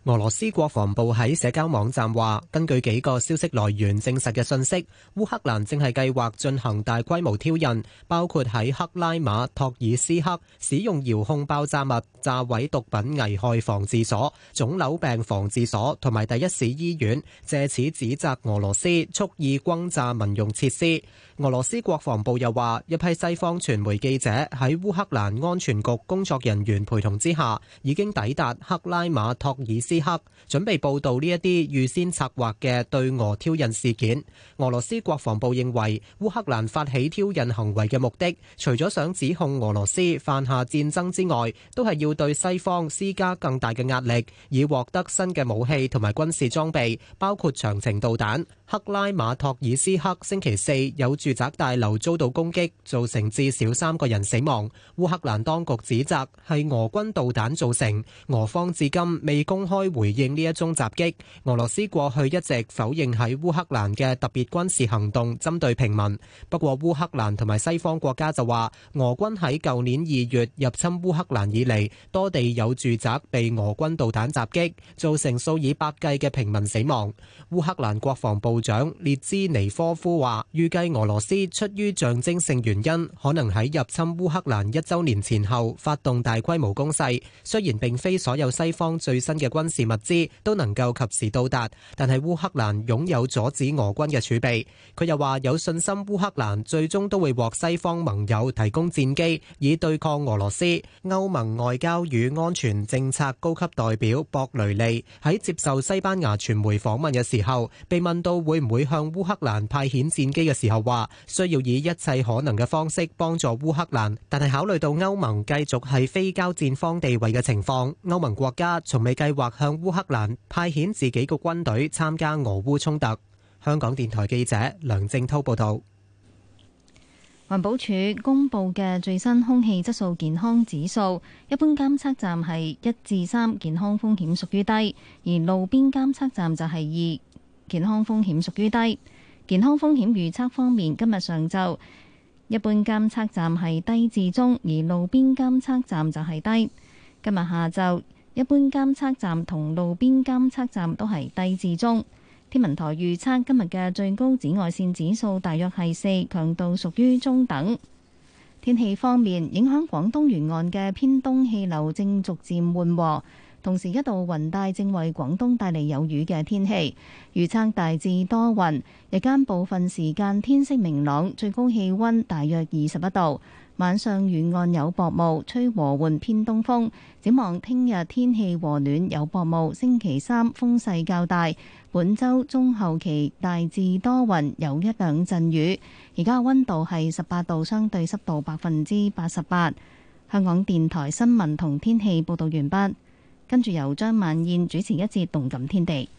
俄羅斯國防部喺社交網站話，根據幾個消息來源證實嘅信息，烏克蘭正係計劃進行大規模挑釁，包括喺克拉馬托爾斯克使用遙控爆炸物炸毀毒品危害防治所、腫瘤病防治所同埋第一市醫院，借此指責俄羅斯蓄意轟炸民用設施。俄羅斯國防部又話，一批西方傳媒記者喺烏克蘭安全局工作人員陪同之下，已經抵達克拉馬托爾斯克，準備報道呢一啲預先策劃嘅對俄挑釁事件。俄羅斯國防部認為，烏克蘭發起挑釁行為嘅目的，除咗想指控俄羅斯犯下戰爭之外，都係要對西方施加更大嘅壓力，以獲得新嘅武器同埋軍事裝備，包括長程導彈。克拉馬托爾斯克星期四有住宅大樓遭到攻擊，造成至少三個人死亡。烏克蘭當局指責係俄軍導彈造成，俄方至今未公開回應呢一宗襲擊。俄羅斯過去一直否認喺烏克蘭嘅特別軍事行動針對平民，不過烏克蘭同埋西方國家就話，俄軍喺舊年二月入侵烏克蘭以嚟，多地有住宅被俄軍導彈襲擊，造成數以百計嘅平民死亡。烏克蘭國防部長列茲尼科夫話，預計俄羅俄羅斯出於象徵性原因，可能喺入侵烏克蘭一周年前後發動大規模攻勢。雖然並非所有西方最新嘅軍事物資都能夠及時到達，但係烏克蘭擁有阻止俄軍嘅儲備。佢又話有信心烏克蘭最終都會獲西方盟友提供戰機以對抗俄羅斯。歐盟外交與安全政策高級代表博雷利喺接受西班牙傳媒訪問嘅時候，被問到會唔會向烏克蘭派遣戰機嘅時候，話。需要以一切可能嘅方式幫助烏克蘭，但係考慮到歐盟繼續係非交戰方地位嘅情況，歐盟國家從未計劃向烏克蘭派遣自己個軍隊參加俄烏衝突。香港電台記者梁正濤報道。環保署公布嘅最新空氣質素健康指數，一般監測站係一至三，健康風險屬於低；而路邊監測站就係二，健康風險屬於低。健康風險預測方面，今日上晝一般監測站係低至中，而路邊監測站就係低。今日下晝一般監測站同路邊監測站都係低至中。天文台預測今日嘅最高紫外線指數大約係四，強度屬於中等。天氣方面，影響廣東沿岸嘅偏東氣流正逐漸緩和。同時一道雲帶正為廣東帶嚟有雨嘅天氣，預測大致多雲，日間部分時間天色明朗，最高氣溫大約二十一度。晚上沿岸有薄霧，吹和緩偏東風。展望聽日天氣和暖有薄霧，星期三風勢較大。本周中後期大致多雲，有一兩陣雨。而家溫度係十八度，相對濕度百分之八十八。香港電台新聞同天氣報道完畢。跟住由張曼燕主持一節動感天地。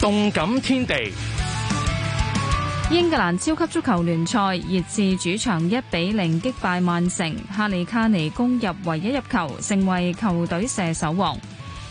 動感天地，英格蘭超級足球聯賽熱刺主場一比零擊敗曼城，哈利卡尼攻入唯一入球，成為球隊射手王。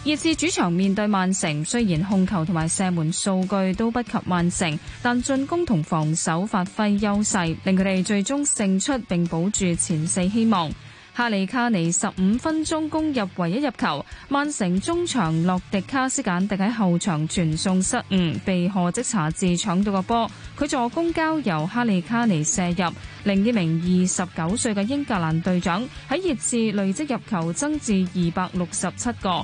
熱刺主場面對曼城，雖然控球同埋射門數據都不及曼城，但進攻同防守發揮優勢，令佢哋最終勝出並保住前四希望。哈利卡尼十五分鐘攻入唯一入球，曼城中場洛迪卡斯簡特喺後場傳送失誤，被荷即查治搶到個波，佢坐公交由哈利卡尼射入，另一名二十九歲嘅英格蘭隊長喺熱刺累積入球增至二百六十七個。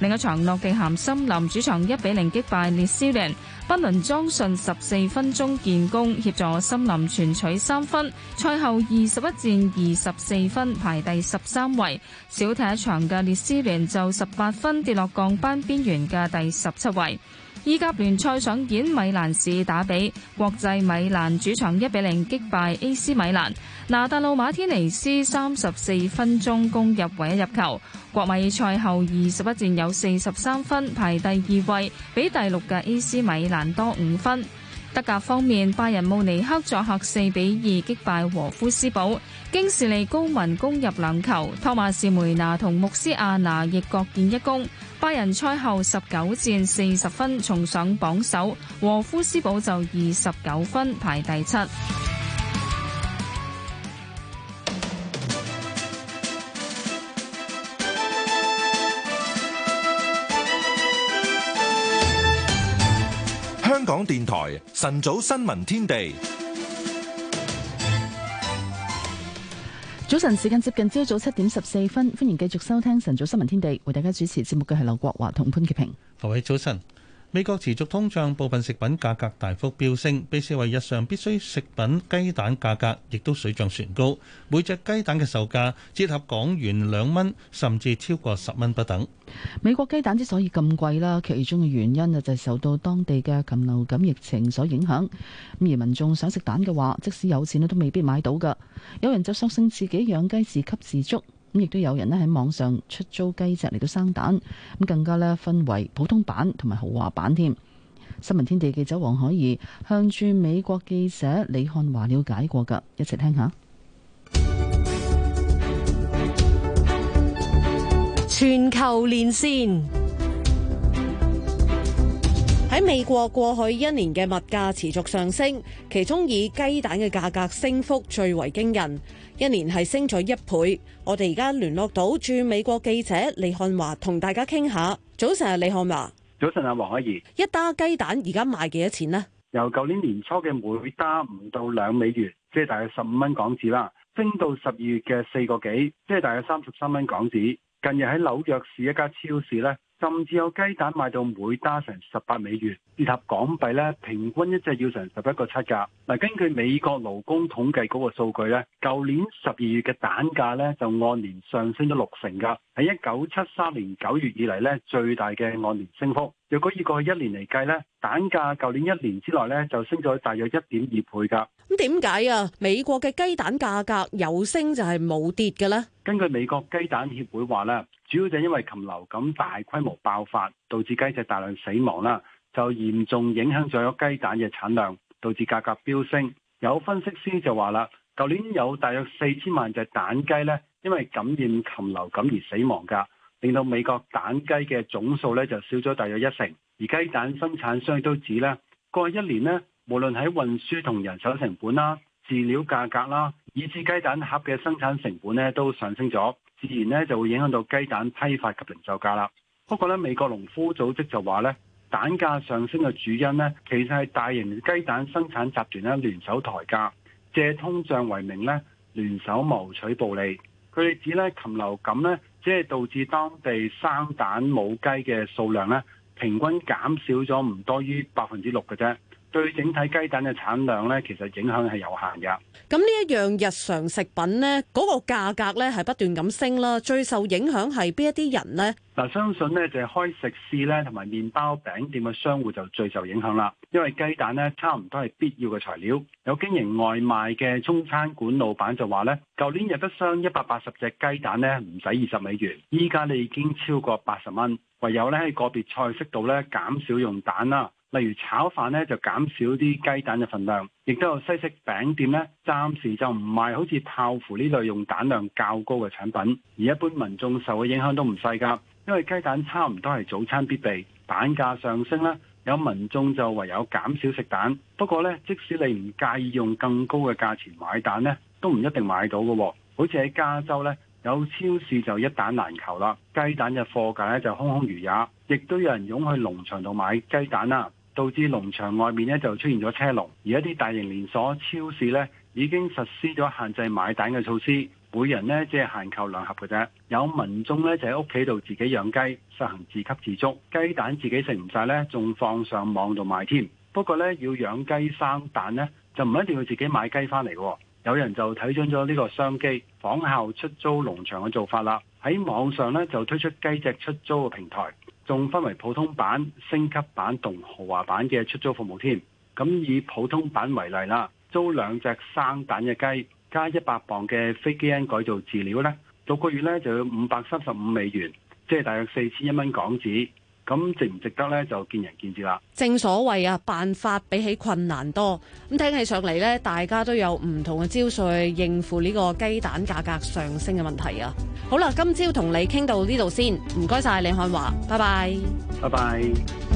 另一場諾定咸森林主場一比零擊敗列斯聯，班倫莊遜十四分鐘建功協助森林全取三分。賽後二十一戰二十四分排第十三位。少踢一場嘅列斯聯就十八分跌落降班邊緣嘅第十七位。意甲聯賽上演米蘭市打比，國際米蘭主場一比零擊敗 A.C. 米蘭。拿達路馬天尼斯三十四分鐘攻入唯一入球，國米賽後二十一戰有四十三分，排第二位，比第六嘅 AC 米蘭多五分。德甲方面，拜仁慕尼黑作客四比二擊敗和夫斯堡，京士利高文攻入兩球，托馬士梅拿同穆斯亞拿亦各建一功。拜仁賽後十九戰四十分，重上榜首，和夫斯堡就二十九分，排第七。港電台晨早新聞天地，早晨時間接近朝早七點十四分，歡迎繼續收聽晨早新聞天地，為大家主持節目嘅係劉國華同潘潔平。各位早晨。美國持續通脹，部分食品價格大幅飆升，被視為日常必需食品。雞蛋價格亦都水漲船高，每隻雞蛋嘅售價折合港元兩蚊，甚至超過十蚊不等。美國雞蛋之所以咁貴啦，其中嘅原因啊就係受到當地嘅禽流感疫情所影響。咁而民眾想食蛋嘅話，即使有錢咧都未必買到㗎。有人就索性自己養雞自給自足。咁亦都有人咧喺網上出租雞隻嚟到生蛋，咁更加咧分為普通版同埋豪華版添。新聞天地記者黃海怡向駐美國記者李漢華了解過噶，一齊聽下。全球連線，喺美國過去一年嘅物價持續上升，其中以雞蛋嘅價格升幅最為驚人。一年係升咗一倍，我哋而家聯絡到駐美國記者李漢華同大家傾下。早晨啊，李漢華。早晨啊，黃一儀。一打雞蛋而家賣幾多錢呢？由舊年年初嘅每打唔到兩美元，即係大約十五蚊港紙啦，升到十二月嘅四個幾，即係大約三十三蚊港紙。近日喺紐約市一家超市咧，甚至有雞蛋賣到每打成十八美元，折合港幣咧，平均一隻要成十一個七噶。嗱，根據美國勞工統計嗰個數據咧，舊年十二月嘅蛋價咧就按年上升咗六成噶。喺一九七三年九月以嚟呢，最大嘅按年升幅，若果以過去一年嚟計呢，蛋價舊年一年之內呢，就升咗大約一點二倍噶。咁點解啊？美國嘅雞蛋價格有升就係冇跌嘅咧？根據美國雞蛋協會話咧，主要就因為禽流感大規模爆發，導致雞隻大量死亡啦，就嚴重影響咗雞蛋嘅產量，導致價格飆升。有分析師就話啦，舊年有大約四千萬隻蛋雞呢，因為感染禽流感而死亡噶，令到美國蛋雞嘅總數咧就少咗大約一成，而雞蛋生產商都指呢，過去一年呢，無論喺運輸同人手成本啦、飼料價格啦，以至雞蛋盒嘅生產成本呢都上升咗，自然呢就會影響到雞蛋批發及零售價啦。不過呢，美國農夫組織就話呢，蛋價上升嘅主因呢，其實係大型雞蛋生產集團呢聯手抬價，借通脹為名呢聯手謀取暴利。佢指咧禽流感咧，即係導致當地生蛋母雞嘅數量咧，平均減少咗唔多於百分之六嘅啫。對整體雞蛋嘅產量呢，其實影響係有限嘅。咁呢一樣日常食品呢，嗰個價格呢係不斷咁升啦。最受影響係邊一啲人呢？嗱，相信呢就係開食肆咧同埋麵包餅店嘅商戶就最受影響啦。因為雞蛋呢，差唔多係必要嘅材料。有經營外賣嘅中餐館老闆就話呢，舊年日得箱一百八十隻雞蛋呢唔使二十美元，依家已經超過八十蚊。唯有呢喺個別菜式度呢，減少用蛋啦。例如炒飯呢，就減少啲雞蛋嘅份量，亦都有西式餅店呢，暫時就唔賣好似泡芙呢類用蛋量較高嘅產品，而一般民眾受嘅影響都唔細噶，因為雞蛋差唔多係早餐必備，蛋價上升呢，有民眾就唯有減少食蛋。不過呢，即使你唔介意用更高嘅價錢買蛋呢，都唔一定買到嘅喎。好似喺加州呢，有超市就一蛋難求啦，雞蛋嘅貨架呢就空空如也，亦都有人湧去農場度買雞蛋啦。導致農場外面呢就出現咗車龍，而一啲大型連鎖超市呢已經實施咗限制買蛋嘅措施，每人呢即係限購兩盒嘅啫。有民眾呢就喺屋企度自己養雞，實行自給自足，雞蛋自己食唔晒呢，仲放上網度賣添。不過呢，要養雞生蛋呢，就唔一定要自己買雞返嚟喎。有人就睇準咗呢個商機，仿效出租農場嘅做法啦，喺網上呢，就推出雞隻出租嘅平台。仲分為普通版、升級版同豪華版嘅出租服務添。咁以普通版為例啦，租兩隻生蛋嘅雞加一百磅嘅非基因改造飼料呢，六個月呢就要五百三十五美元，即係大約四千一蚊港紙。咁值唔值得咧，就見仁見智啦。正所謂啊，辦法比起困難多。咁聽起上嚟咧，大家都有唔同嘅招數去應付呢個雞蛋價格上升嘅問題啊。好啦，今朝同你傾到呢度先，唔該晒李漢華，拜拜，拜拜。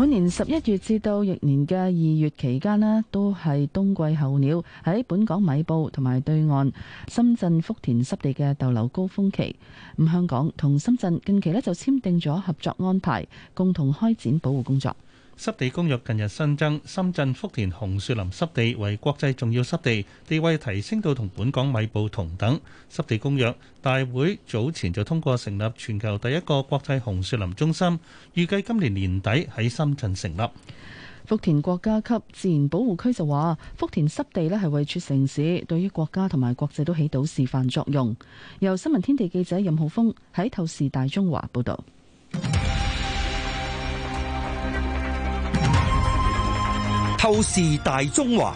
每年十一月至到翌年嘅二月期間咧，都係冬季候鳥喺本港米埔同埋對岸深圳福田濕地嘅逗留高峰期。咁香港同深圳近期咧，就簽訂咗合作安排，共同開展保護工作。濕地公約近日新增深圳福田紅樹林濕地為國際重要濕地，地位提升到同本港米埔同等。濕地公約大會早前就通過成立全球第一個國際紅樹林中心，預計今年年底喺深圳成立。福田國家級自然保護區就話：福田濕地呢，係位處城市，對於國家同埋國際都起到示範作用。由新聞天地記者任浩峰喺透視大中華報導。透視大中華，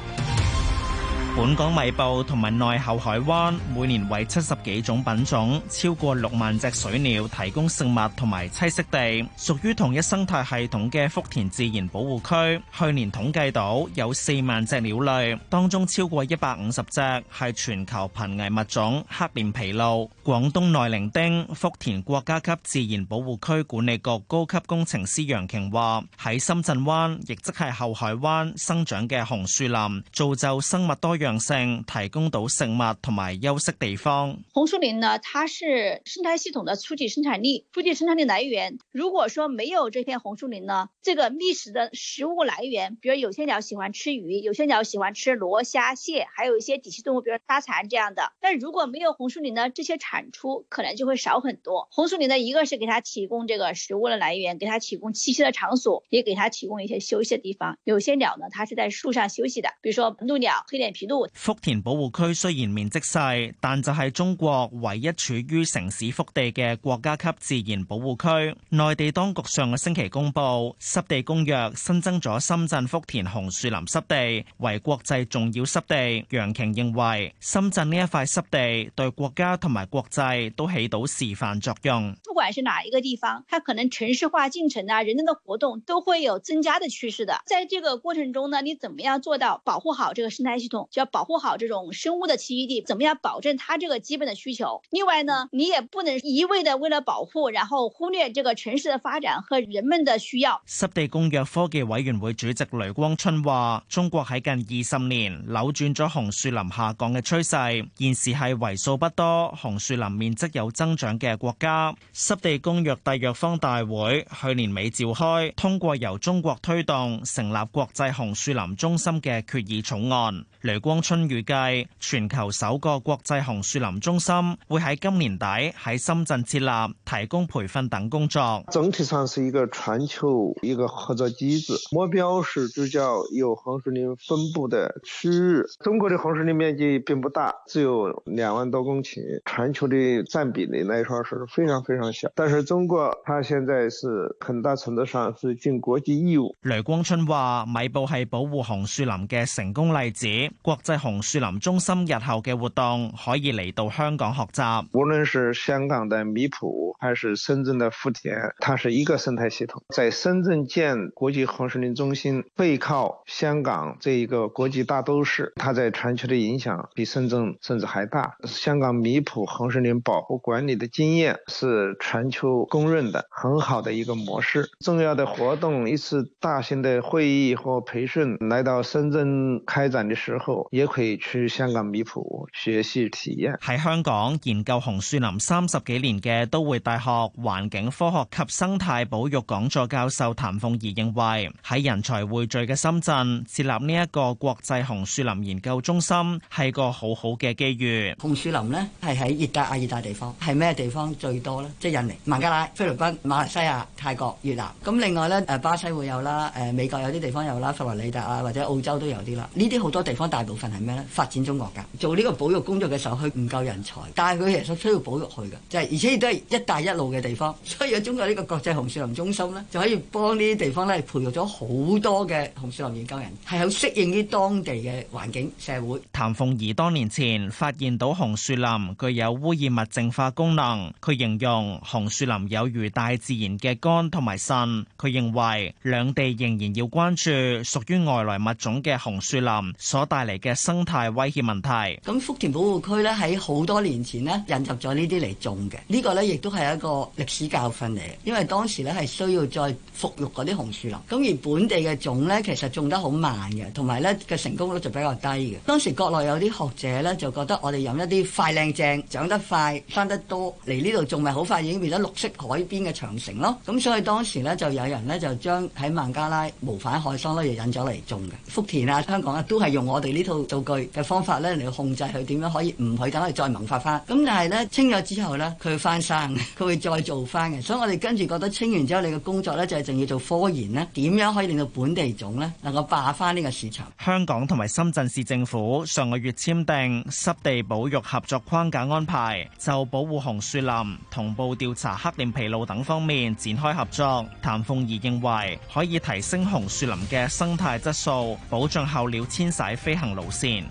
本港米埔同埋內後海灣每年為七十幾種品種，超過六萬隻水鳥提供食物同埋棲息地。屬於同一生態系統嘅福田自然保護區，去年統計到有四萬隻鳥類，當中超過一百五十隻係全球瀕危物種黑臉琵鷺。廣東內伶仃福田國家級自然保護區管理局高級工程師楊瓊話：喺深圳灣，亦即係後海灣生長嘅紅樹林，造就生物多樣性，提供到食物同埋休息地方。紅樹林呢，它是生態系統的初級生產力，初級生產力來源。如果說沒有這片紅樹林呢，這個覓食的食物來源，比如有些鳥喜歡吃魚，有些鳥喜歡吃螺蝦蟹，還有一些底棲動物，比如沙蠶這樣的。但如果沒有紅樹林呢，這些產出可能就會少很多。紅樹林呢，一個是給它提供這個食物的來源，給它提供棲息的場所，也給它提供一些休息的地方。有些鳥呢，它是在樹上休息的，比如說鷺鳥、黑臉琵鷺。福田保護區雖然面積細，但就係中國唯一處於城市腹地嘅國家級自然保護區。內地當局上個星期公布《濕地公約》，新增咗深圳福田紅樹林濕地為國際重要濕地。楊瓊認為，深圳呢一塊濕地對國家同埋國制都起到示範作用。不管是哪一個地方，它可能城市化進程啊，人類的活動都會有增加的趨勢的。在這個過程中呢，你怎麼樣做到保護好這個生態系統，就要保護好這種生物的棲息地，怎麼樣保證它這個基本的需求？另外呢，你也不能一味的為了保護，然後忽略這個城市的發展和人們的需要。濕地公約科技委員會主席雷光春話，中國喺近二十年扭轉咗紅樹林下降嘅趨勢，現時係為數不多紅樹。林面積有增長嘅國家，濕地公約締約方大會去年尾召開，通過由中國推動成立國際紅樹林中心嘅決議草案。雷光春預計，全球首個國際紅樹林中心會喺今年底喺深圳設立，提供培訓等工作。整體上是一個全球一個合作機制，目標是聚焦有紅樹林分布的區域。中國的紅樹林面積並不大，只有兩萬多公頃，全球，的佔比例來說是非常非常小，但是中國它現在是很大程度上是盡國際義務。雷光春話：米埔係保護紅樹林嘅成功例子，國際紅樹林中心日後嘅活動可以嚟到香港學習。無論是香港的米埔還是深圳的福田，它是一個生態系統。在深圳建國際紅樹林中心，背靠香港這一個國際大都市，它在全球的影響比深圳甚至還大。香港米埔紅。十年保護管理的經驗是全球公認的很好的一個模式。重要的活動，一次大型的會議或培訓來到深圳開展的時候，也可以去香港米埔學習體驗。喺香港研究紅樹林三十幾年嘅都會大學環境科學及生態保育講座教授譚鳳儀認為，喺人才匯聚嘅深圳設立呢一個國際紅樹林研究中心係個好好嘅機遇。紅樹林咧係喺業界。亞熱帶地方係咩地方最多呢？即係印尼、孟加拉、菲律賓、馬來西亞、泰國、越南。咁另外咧，誒巴西會有啦，誒美國有啲地方有啦，佛羅里達啊，或者澳洲都有啲啦。呢啲好多地方大部分係咩咧？發展中國家做呢個保育工作嘅時候，佢唔夠人才，但係佢其實需要保育佢㗎，就係而且亦都係一帶一路嘅地方，所以有中國呢個國際紅樹林中心咧，就可以幫呢啲地方咧，培育咗好多嘅紅樹林研究人，係好適應於當地嘅環境社會。譚鳳儀多年前發現到紅樹林具有污染物淨化功能，佢形容紅樹林有如大自然嘅肝同埋腎。佢認為兩地仍然要關注屬於外來物種嘅紅樹林所帶嚟嘅生態威脅問題。咁福田保護區咧喺好多年前咧引入咗呢啲嚟種嘅，呢個咧亦都係一個歷史教訓嚟。因為當時咧係需要再復育嗰啲紅樹林，咁而本地嘅種咧其實種得好慢嘅，同埋咧嘅成功率就比較低嘅。當時國內有啲學者咧就覺得我哋引一啲快靚正、長得生得快生得多嚟呢度仲咪好快已經變咗綠色海邊嘅長城咯，咁、嗯、所以當時呢，就有人呢，就將喺孟加拉無反海桑呢，就引咗嚟種嘅，福田啊香港啊都係用我哋呢套數據嘅方法呢嚟控制佢點樣可以唔去等佢再萌發翻，咁、嗯、但係呢，清咗之後呢，佢會翻生，佢會再做翻嘅，所以我哋跟住覺得清完之後你嘅工作呢，就係仲要做科研咧，點樣可以令到本地種呢，能夠霸翻呢個市場？香港同埋深圳市政府上個月簽訂濕地保育合作框架安排。就保護紅樹林，同步調查黑臉琵鷺等方面展開合作。譚鳳儀認為可以提升紅樹林嘅生態質素，保障候鳥遷徙飛行路線。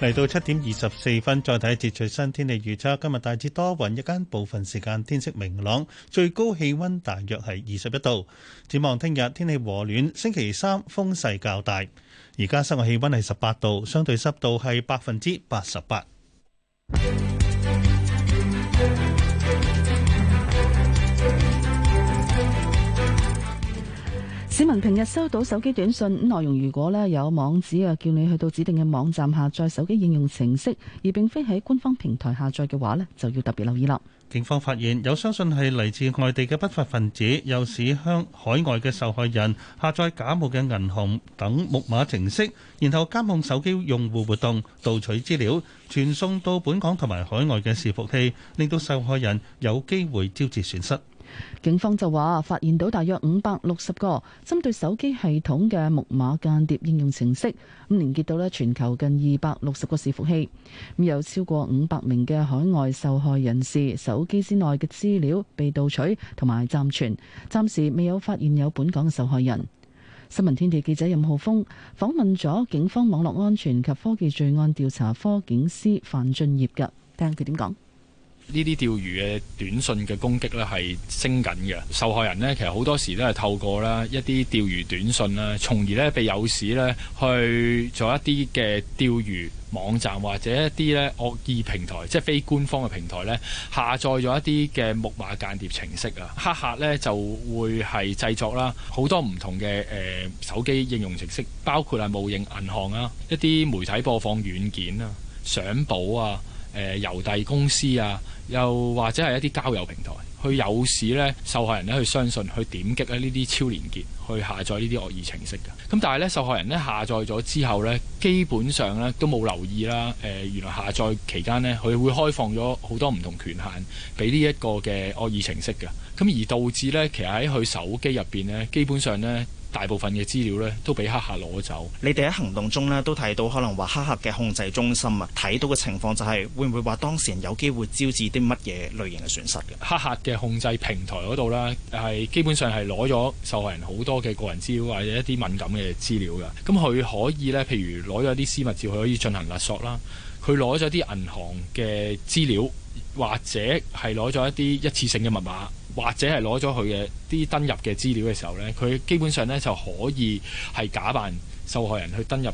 嚟到七點二十四分，再睇截取新天氣預測。今日大致多雲，一間部分時間天色明朗，最高氣溫大約係二十一度。展望聽日天，天氣和暖，星期三風勢較大。而家室外氣溫係十八度，相對濕度係百分之八十八。市民平日收到手機短信內容，如果呢有網址啊，叫你去到指定嘅網站下載手機應用程式，而並非喺官方平台下載嘅話呢，就要特別留意啦。警方發現有相信係嚟自外地嘅不法分子，誘使向海外嘅受害人下載假冒嘅銀行等木馬程式，然後監控手機用戶活動，盜取資料傳送到本港同埋海外嘅伺服器，令到受害人有機會招致損失。警方就話發現到大約五百六十個針對手機系統嘅木馬間諜應用程式，咁連結到咧全球近二百六十個伺服器，咁有超過五百名嘅海外受害人士手機之內嘅資料被盜取同埋暫存，暫時未有發現有本港嘅受害人。新聞天地記者任浩峰訪問咗警方網絡安全及科技罪案調查科警司范俊業㗎，聽佢點講。呢啲釣魚嘅短信嘅攻擊呢係升緊嘅，受害人呢，其實好多時都係透過啦一啲釣魚短信啦，從而呢被誘使呢去做一啲嘅釣魚網站或者一啲呢惡意平台，即係非官方嘅平台呢，下載咗一啲嘅木馬間諜程式啊，黑客呢就會係製作啦好多唔同嘅誒、呃、手機應用程式，包括係冒認銀行啊、一啲媒體播放軟件啊、相簿啊。誒、郵遞公司啊，又或者係一啲交友平台，去有時呢受害人呢去相信，去點擊咧呢啲超連結，去下載呢啲惡意程式嘅。咁但係呢受害人呢下載咗之後呢，基本上呢都冇留意啦。誒、呃、原來下載期間呢，佢會開放咗好多唔同權限俾呢一個嘅惡意程式嘅。咁而導致呢，其實喺佢手機入邊呢，基本上呢。大部分嘅資料咧都俾黑客攞走。你哋喺行動中咧都睇到，可能話黑客嘅控制中心啊，睇到嘅情況就係、是、會唔會話當事人有機會招致啲乜嘢類型嘅損失嘅？黑客嘅控制平台嗰度咧係基本上係攞咗受害人好多嘅個人資料或者一啲敏感嘅資料㗎。咁佢可以呢，譬如攞咗啲私密照，佢可以進行勒索啦。佢攞咗啲銀行嘅資料，或者係攞咗一啲一次性嘅密碼，或者係攞咗佢嘅啲登入嘅資料嘅時候呢，佢基本上呢，就可以係假扮受害人去登入誒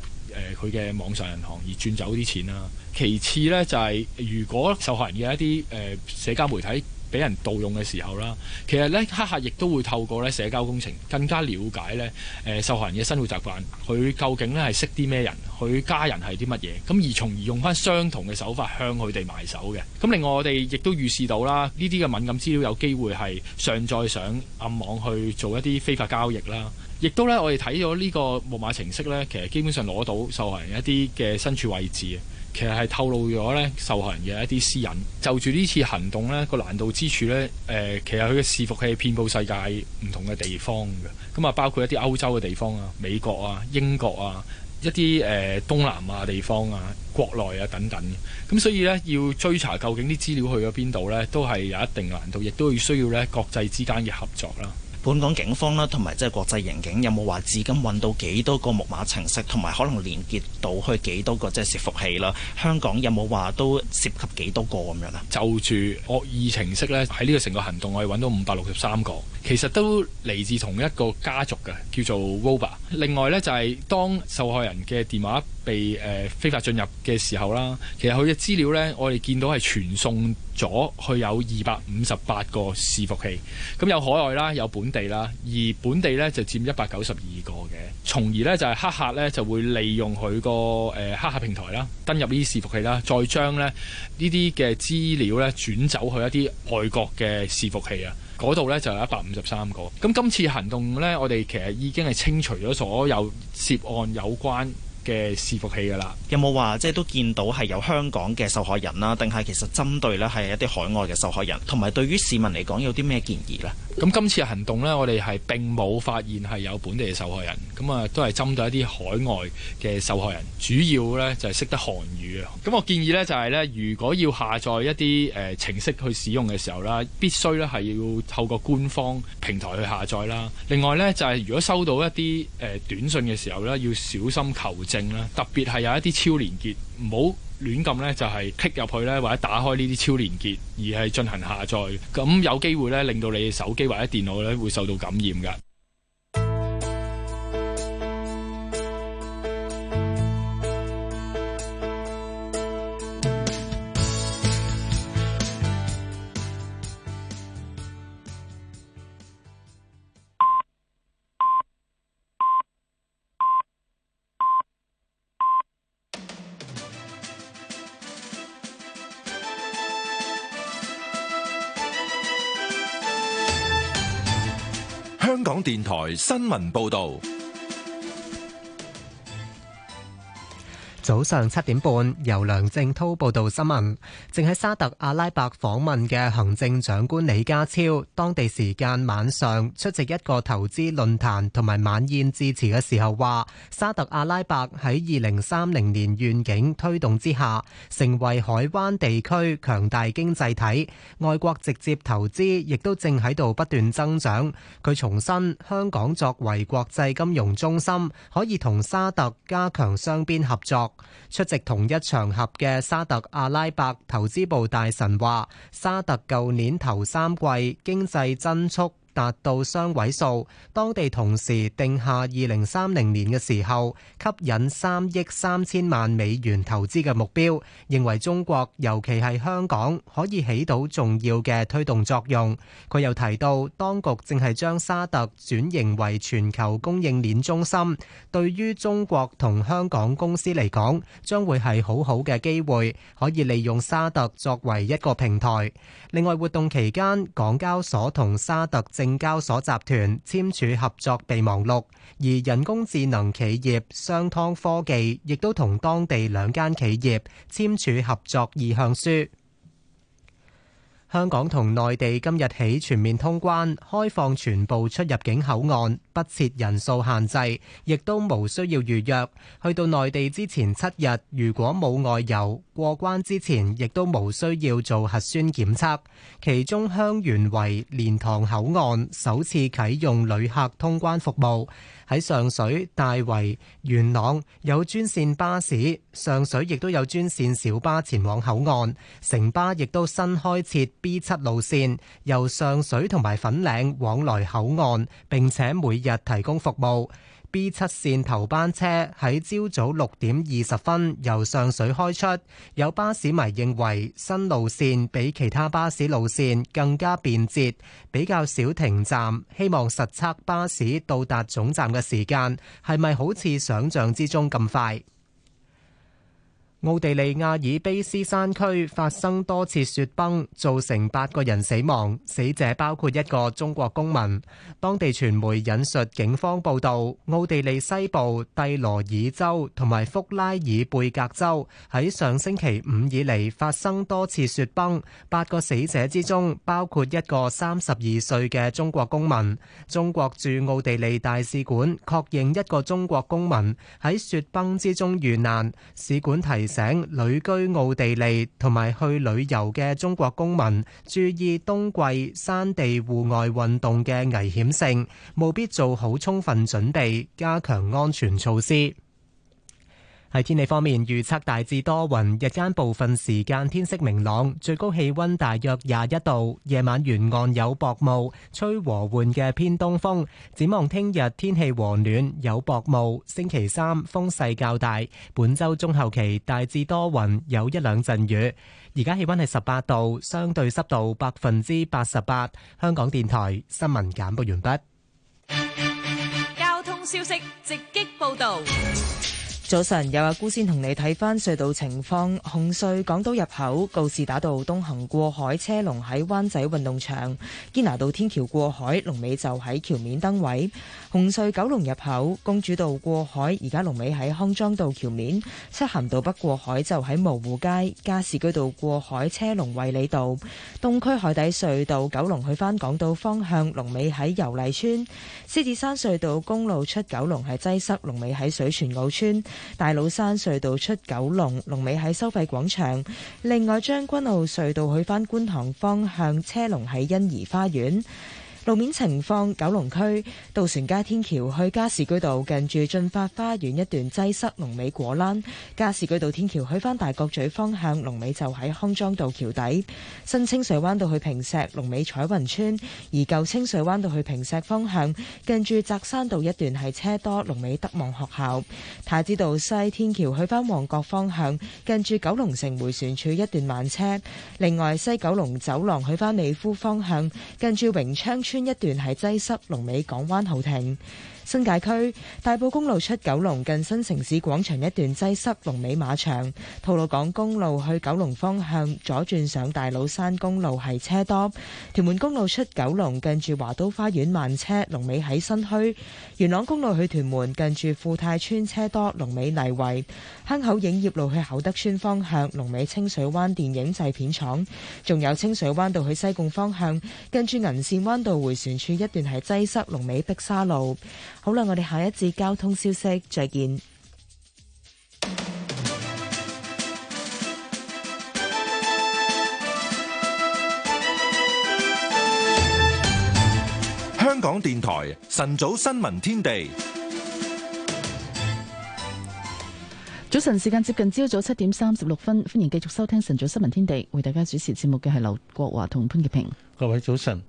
佢嘅網上銀行而轉走啲錢啦、啊。其次呢，就係、是、如果受害人嘅一啲誒、呃、社交媒體。俾人盜用嘅時候啦，其實咧黑客亦都會透過咧社交工程更加了解咧誒受害人嘅生活習慣，佢究竟咧係識啲咩人，佢家人係啲乜嘢，咁而從而用翻相同嘅手法向佢哋埋手嘅。咁另外我哋亦都預示到啦，呢啲嘅敏感資料有機會係上載上暗網去做一啲非法交易啦，亦都咧我哋睇咗呢個木馬程式咧，其實基本上攞到受害人一啲嘅身處位置啊。其實係透露咗呢受害人嘅一啲私隱。就住呢次行動呢個難度之處呢，誒、呃、其實佢嘅伺服器係遍布世界唔同嘅地方嘅，咁啊包括一啲歐洲嘅地方啊、美國啊、英國啊、一啲誒、呃、東南亞地方啊、國內啊等等。咁所以呢，要追查究竟啲資料去咗邊度呢，都係有一定難度，亦都要需要呢國際之間嘅合作啦。本港警方啦，同埋即係國際刑警有冇話至今運到幾多個木馬程式，同埋可能連結到去幾多個即係伺服器啦？香港有冇話都涉及幾多個咁樣啊？就住惡意程式咧，喺呢個成個行動我哋揾到五百六十三個，其實都嚟自同一個家族嘅，叫做 Roba。另外咧，就係、是、當受害人嘅電話被誒、呃、非法進入嘅時候啦，其實佢嘅資料咧，我哋見到係傳送。咗，佢有二百五十八個伺服器，咁有海外啦，有本地啦，而本地呢就佔一百九十二個嘅，從而呢，就係黑客呢就會利用佢個誒黑客平台啦，登入呢啲伺服器啦，再將呢呢啲嘅資料呢轉走去一啲外國嘅伺服器啊，嗰度呢就有一百五十三個。咁今次行動呢，我哋其實已經係清除咗所有涉案有關。嘅伺服器噶啦，有冇話，即係都見到係有香港嘅受害人啦？定係其實針對呢係一啲海外嘅受害人？同埋對於市民嚟講有啲咩建議呢？咁今次嘅行動呢，我哋係並冇發現係有本地嘅受害人，咁啊都係針對一啲海外嘅受害人，主要呢就係、是、識得韓語啊。咁我建議呢，就係、是、呢：如果要下載一啲誒、呃、程式去使用嘅時候啦，必須呢係要透過官方平台去下載啦。另外呢，就係、是、如果收到一啲誒、呃、短信嘅時候呢，要小心求。特別係有一啲超連結，唔好亂撳，呢就係剔入去呢，或者打開呢啲超連結，而係進行下載，咁有機會呢，令到你手機或者電腦呢會受到感染㗎。台新聞報導。早上七點半，由梁正滔報道新聞。正喺沙特阿拉伯訪問嘅行政長官李家超，當地時間晚上出席一個投資論壇同埋晚宴致辭嘅時候話，沙特阿拉伯喺二零三零年願景推動之下，成為海灣地區強大經濟體，外國直接投資亦都正喺度不斷增長。佢重申香港作為國際金融中心，可以同沙特加強雙邊合作。出席同一場合嘅沙特阿拉伯投資部大臣話，沙特舊年頭三季經濟增速，達到雙位數，當地同時定下二零三零年嘅時候吸引三億三千萬美元投資嘅目標，認為中國尤其係香港可以起到重要嘅推動作用。佢又提到，當局正係將沙特轉型為全球供應鏈中心，對於中國同香港公司嚟講，將會係好好嘅機會，可以利用沙特作為一個平台。另外，活動期間，港交所同沙特政交所集團簽署合作備忘錄，而人工智能企業商湯科技亦都同當地兩間企業簽署合作意向書。香港同內地今日起全面通關，開放全部出入境口岸，不設人數限制，亦都無需要預約。去到內地之前七日，如果冇外遊，過關之前亦都無需要做核酸檢測。其中，香園圍蓮塘口岸首次啟用旅客通關服務。喺上水、大圍、元朗有專線巴士，上水亦都有專線小巴前往口岸，城巴亦都新開設。B 七路綫由上水同埋粉嶺往來口岸，並且每日提供服務。B 七綫頭班車喺朝早六點二十分由上水開出。有巴士迷認為新路綫比其他巴士路綫更加便捷，比較少停站。希望實測巴士到達總站嘅時間，係咪好似想象之中咁快？奧地利亞爾卑斯山區發生多次雪崩，造成八個人死亡，死者包括一個中國公民。當地傳媒引述警方報道，奧地利西部蒂羅爾州同埋福拉爾貝格州喺上星期五以嚟發生多次雪崩，八個死者之中包括一個三十二歲嘅中國公民。中國駐奧地利大使館確認一個中國公民喺雪崩之中遇難，使館提請旅居奧地利同埋去旅遊嘅中國公民注意冬季山地戶外運動嘅危險性，務必做好充分準備，加強安全措施。喺天氣方面，預測大致多雲，日間部分時間天色明朗，最高氣溫大約廿一度，夜晚沿岸有薄霧，吹和緩嘅偏東風。展望聽日，天氣和暖，有薄霧。星期三風勢較大，本周中後期大致多雲，有一兩陣雨。而家氣溫係十八度，相對濕度百分之八十八。香港電台新聞簡報完畢。交通消息直擊報道。早晨，有阿姑先同你睇翻隧道情況。紅隧港島入口告士打道東行過海車龍喺灣仔運動場，堅拿道天橋過海龍尾就喺橋面燈位。紅隧九龍入口公主道過海，而家龍尾喺康莊道橋面。漆咸道北過海就喺蕪湖街，加士居道過海車龍衛理道。東區海底隧道九龍去翻港島方向，龍尾喺油麗村。獅子山隧道公路出九龍係擠塞，龍尾喺水泉澳村。大老山隧道出九龍，龍尾喺收費廣場。另外將軍澳隧道去返觀塘方向車龍，車龍喺欣怡花園。路面情況：九龍區渡船街天橋去加士居道，近住駿發花園一段擠塞，龍尾果欄；加士居道天橋去翻大角咀方向，龍尾就喺康莊道橋底；新清水灣道去坪石，龍尾彩雲村；而舊清水灣道去坪石方向，近住澤山道一段係車多，龍尾德望學校；太子道西天橋去翻旺角方向，近住九龍城回旋處一段慢車；另外，西九龍走廊去翻美孚方向，近住榮昌村，一段係擠塞，龍尾港灣豪庭。 新界區大埔公路出九龍近新城市廣場一段擠塞，龍尾馬場；吐露港公路去九龍方向左轉上大老山公路係車多；屯門公路出九龍近住華都花園慢車，龍尾喺新墟；元朗公路去屯門近住富泰村車多，龍尾泥圍；坑口影業路去厚德村方向龍尾清水灣電影製片廠，仲有清水灣道去西貢方向近住銀線灣道回旋處一段係擠塞，龍尾碧沙路。好啦，我哋下一節交通消息再見。香港電台晨早新聞天地，早晨時間接近朝早七點三十六分，歡迎繼續收聽晨早新聞天地，為大家主持節目嘅係劉國華同潘潔平。各位早晨。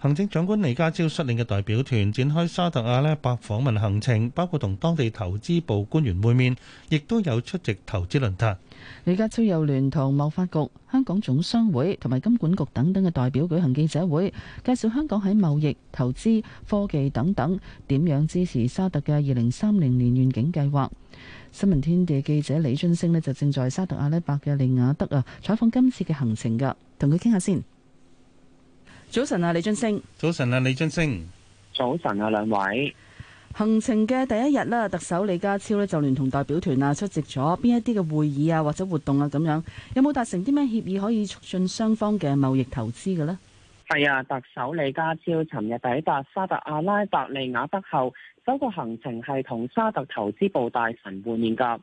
行政長官李家超率領嘅代表團展開沙特阿拉伯訪問行程，包括同當地投資部官員會面，亦都有出席投資論壇。李家超又聯同貿發局、香港總商會同埋金管局等等嘅代表舉行記者會，介紹香港喺貿易、投資、科技等等點樣支持沙特嘅二零三零年願景計劃。新聞天地記者李俊升呢就正在沙特阿拉伯嘅利雅德啊，採訪今次嘅行程噶，同佢傾下先。早晨啊，李俊升。早晨啊，李俊升。早晨啊，兩位。行程嘅第一日咧，特首李家超咧就聯同代表團啊出席咗邊一啲嘅會議啊或者活動啊咁樣，有冇達成啲咩協議可以促進雙方嘅貿易投資嘅咧？係啊，特首李家超尋日抵達沙特阿拉伯利雅得後，首個行程係同沙特投資部大臣會面噶。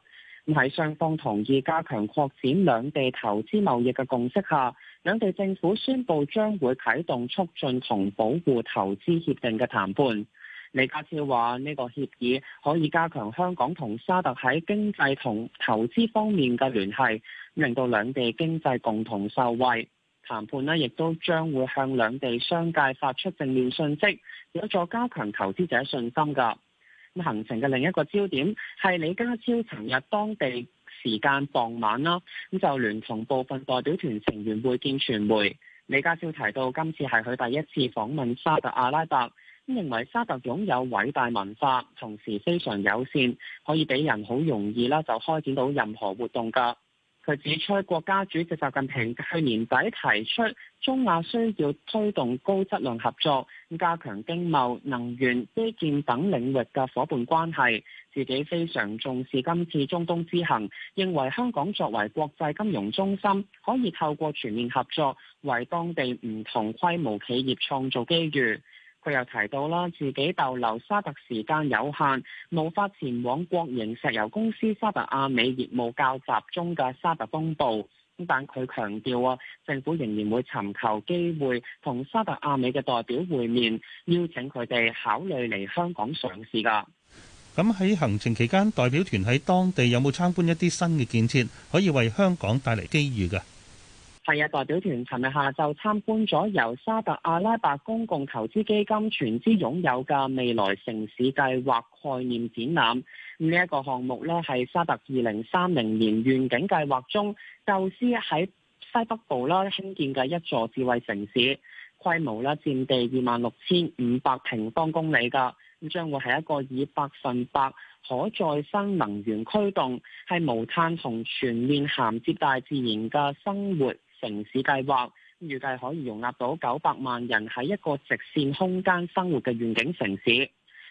咁喺雙方同意加強擴展兩地投資貿易嘅共識下。兩地政府宣布將會啟動促進同保護投資協定嘅談判。李家超話：呢個協議可以加強香港同沙特喺經濟同投資方面嘅聯繫，令到兩地經濟共同受惠。談判呢亦都將會向兩地商界發出正面訊息，有助加強投資者信心㗎。咁行程嘅另一個焦點係李家超尋日當地時間傍晚啦，咁就聯同部分代表團成員會見傳媒。李家超提到，今次係佢第一次訪問沙特阿拉伯，咁認為沙特擁有偉大文化，同時非常友善，可以俾人好容易啦就開展到任何活動㗎。佢指出，國家主席習近平去年底提出，中亞需要推動高質量合作，加強經貿、能源、基建等領域嘅伙伴關係，自己非常重視今次中東之行，認為香港作為國際金融中心，可以透過全面合作，為當地唔同規模企業創造機遇。佢又提到啦，自己逗留沙特時間有限，無法前往國營石油公司沙特阿美業務較集中嘅沙特東部。但佢強調啊，政府仍然會尋求機會同沙特阿美嘅代表會面，邀請佢哋考慮嚟香港上市噶。咁喺行程期間，代表團喺當地有冇參觀一啲新嘅建設，可以為香港帶嚟機遇噶。係日，啊，代表團，尋日下晝參觀咗由沙特阿拉伯公共投資基金全資擁有嘅未來城市計劃概念展覽。呢、這、一個項目呢，係沙特二零三零年願景計劃中構思喺西北部啦興建嘅一座智慧城市，規模咧佔地二萬六千五百平方公里㗎。咁將會係一個以百分百可再生能源驅動，係無碳同全面銜接大自然嘅生活城市計劃預計可以容納到九百萬人喺一個直線空間生活嘅願景城市。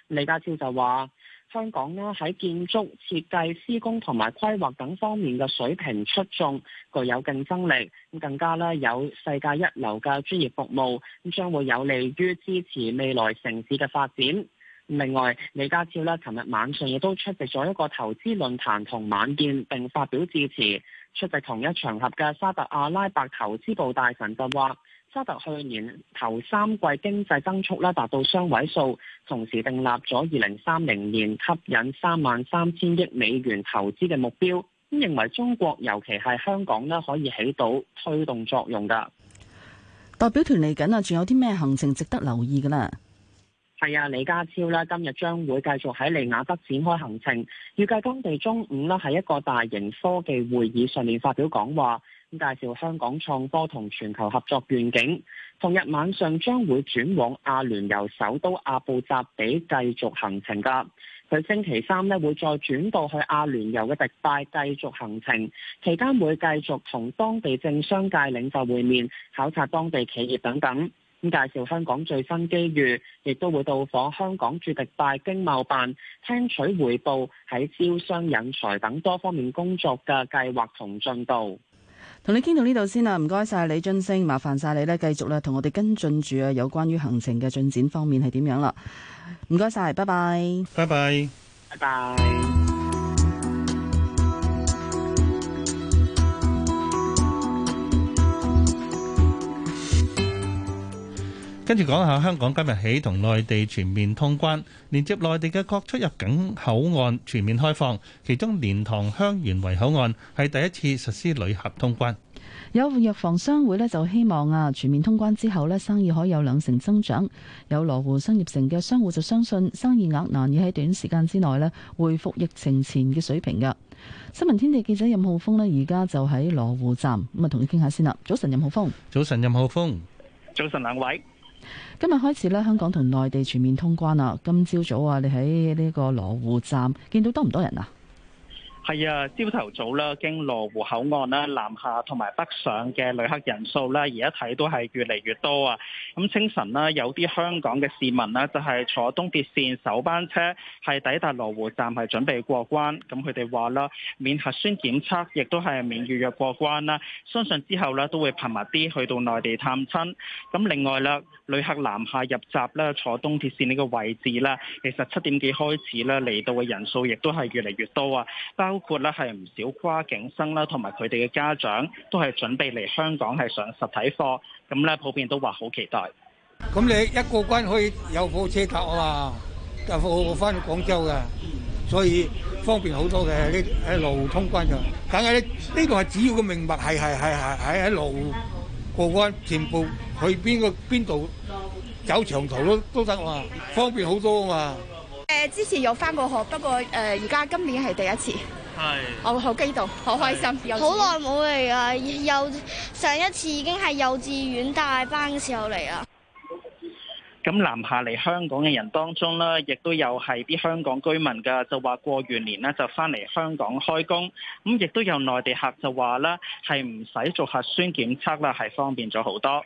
李家超就話：香港呢喺建築、設計、施工同埋規劃等方面嘅水平出眾，具有競爭力，更加呢有世界一流嘅專業服務，咁將會有利於支持未來城市嘅發展。另外，李家超呢琴日晚上亦都出席咗一個投資論壇同晚宴，並發表致辭。出席同一場合嘅沙特阿拉伯投資部大臣就話：沙特去年頭三季經濟增速咧達到雙位數，同時訂立咗二零三零年吸引三萬三千億美元投資嘅目標。咁認為中國尤其係香港咧可以起到推動作用噶。代表團嚟緊啊，仲有啲咩行程值得留意噶啦？係啊，李家超咧今日將會繼續喺利雅得展開行程，預計當地中午咧喺一個大型科技會議上面發表講話，咁介紹香港創科同全球合作願景。同日晚上將會轉往阿聯酋首都阿布扎比繼續行程噶。佢星期三咧會再轉到去阿聯酋嘅迪拜繼續行程，期間會繼續同當地政商界領袖會面、考察當地企業等等。咁介紹香港最新機遇，亦都會到訪香港駐迪拜經貿辦，聽取匯報喺招商、引才等多方面工作嘅計劃同進度。同你傾到呢度先啦，唔該晒李津升，麻煩晒你咧，繼續咧同我哋跟進住啊，有關於行程嘅進展方面係點樣啦。唔該晒，拜拜，拜拜，拜拜。跟住講下香港今日起同內地全面通關，連接內地嘅各出入境口岸全面開放，其中蓮塘香園圍口岸係第一次實施旅客通關。有藥房商會咧就希望啊，全面通關之後咧生意可以有兩成增長。有羅湖商業城嘅商戶就相信生意額難以喺短時間之內咧回復疫情前嘅水平㗎。新聞天地記者任浩峯咧而家就喺羅湖站咁啊，同你傾下先啦。早晨，任浩峯。早晨，任浩峯。早晨，兩位。今日開始咧，香港同內地全面通關啦。今朝早，早啊，你喺呢個羅湖站見到多唔多人啊？係啊，朝頭早啦，經羅湖口岸啦，南下同埋北上嘅旅客人數啦，而家睇都係越嚟越多啊！咁清晨啦，有啲香港嘅市民呢，就係坐東鐵線首班車，係抵達羅湖站，係準備過關。咁佢哋話啦，免核酸檢測，亦都係免預約過關啦。相信之後呢，都會頻密啲去到內地探親。咁另外啦，旅客南下入閘咧，坐東鐵線呢個位置咧，其實七點幾開始咧，嚟到嘅人數，亦都係越嚟越多啊！包括咧，係唔少跨境生啦，同埋佢哋嘅家長都係準備嚟香港係上實體課，咁咧普遍都話好期待。咁你一過關可以有火車搭啊嘛，搭火翻廣州嘅，所以方便好多嘅，喺喺羅湖通關就，梗係，呢呢個係主要嘅命脈，係係係係喺羅湖過關，全部去邊個邊度走長途都都得啊嘛，方便好多啊嘛。誒，之前有翻過學，不過誒而家今年係第一次。係我好激動，好開心。 好耐冇嚟啊！幼，上一次已經係幼稚園大班嘅時候嚟啦。咁、 嗯、南下嚟香港嘅人當中咧，亦都有係啲香港居民噶，就話過完年呢就翻嚟香港開工。咁、嗯、亦都有內地客就話啦，係唔使做核酸檢測啦，係方便咗好多。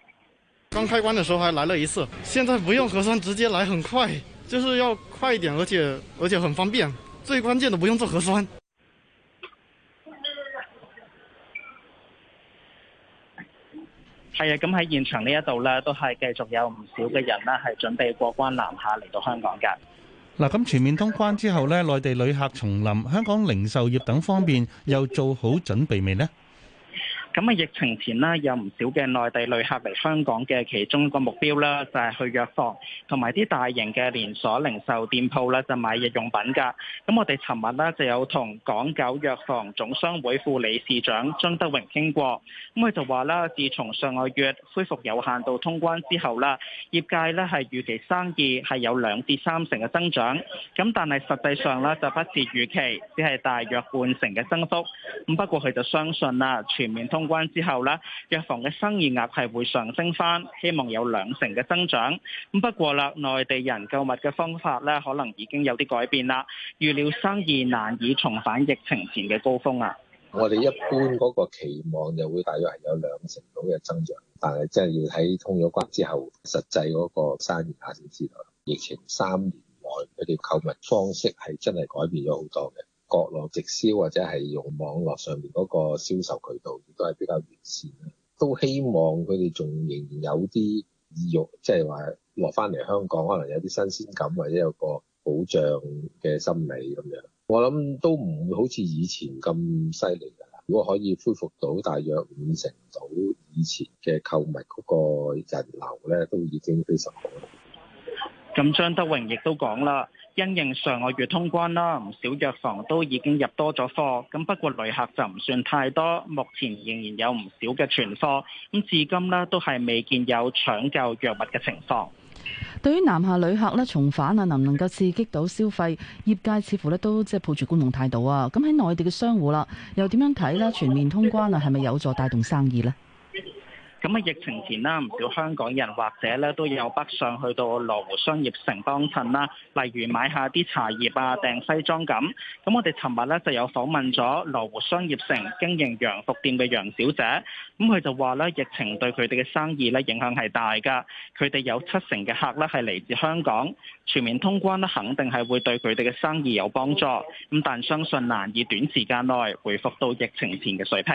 剛開關嘅時候，還來了一次。現在不用核酸，直接來，很快，就是要快一點，而且而且很方便，最關鍵的不用做核酸、酸。係啊，咁喺現場呢一度呢，都係繼續有唔少嘅人呢，係準備過關南下嚟到香港㗎。嗱，咁全面通關之後呢，內地旅客重臨香港零售業等方面又做好準備未呢？咁啊，疫情前咧有唔少嘅內地旅客嚟香港嘅，其中一個目標啦就係去藥房同埋啲大型嘅連鎖零售店鋪啦，就買日用品噶，咁我哋尋日咧就有同港九藥房總商會副理事長張德榮傾過，咁佢就話啦，自從上個月恢復有限度通關之後啦，業界咧係預期生意係有兩至三成嘅增長，咁但係實際上咧就不是預期，只係大約半成嘅增幅。咁不過，佢就相信啦，全面通。關之後咧，藥房嘅生意額係會上升返，希望有兩成嘅增長。咁不過啦，內地人購物嘅方法咧，可能已經有啲改變啦，預料生意難以重返疫情前嘅高峰啊。我哋一般嗰個期望就會大約係有兩成度嘅增長，但係真係要睇通咗關之後，實際嗰個生意額先知道。疫情三年內，佢哋購物方式係真係改變咗好多嘅。國內直銷或者係用網絡上面嗰個銷售渠道亦都係比較完善，都希望佢哋仲仍然有啲意欲，即係話落翻嚟香港，可能有啲新鮮感或者有個保障嘅心理咁樣。我諗都唔會好似以前咁犀利噶啦，如果可以恢復到大約五成到以前嘅購物嗰個人流咧，都已經非常好。咁張德榮亦都講啦。因應上個月通關啦，唔少藥房都已經入多咗貨。咁不過旅客就唔算太多，目前仍然有唔少嘅存貨。咁至今咧都係未見有搶購藥物嘅情況。對於南下旅客咧，重返啊能唔能夠刺激到消費？業界似乎咧都即係抱住觀望態度啊。咁喺內地嘅商戶啦，又點樣睇咧？全面通關啊，係咪有助帶動生意呢？咁啊，疫情前啦，唔少香港人或者咧都有北上去到羅湖商業城幫襯啦，例如買下啲茶葉啊、訂西裝咁。咁我哋尋日咧就有訪問咗羅湖商業城經營洋服店嘅楊小姐，咁佢就話咧，疫情對佢哋嘅生意咧影響係大噶，佢哋有七成嘅客咧係嚟自香港，全面通關咧肯定係會對佢哋嘅生意有幫助，咁但相信難以短時間內回復到疫情前嘅水平。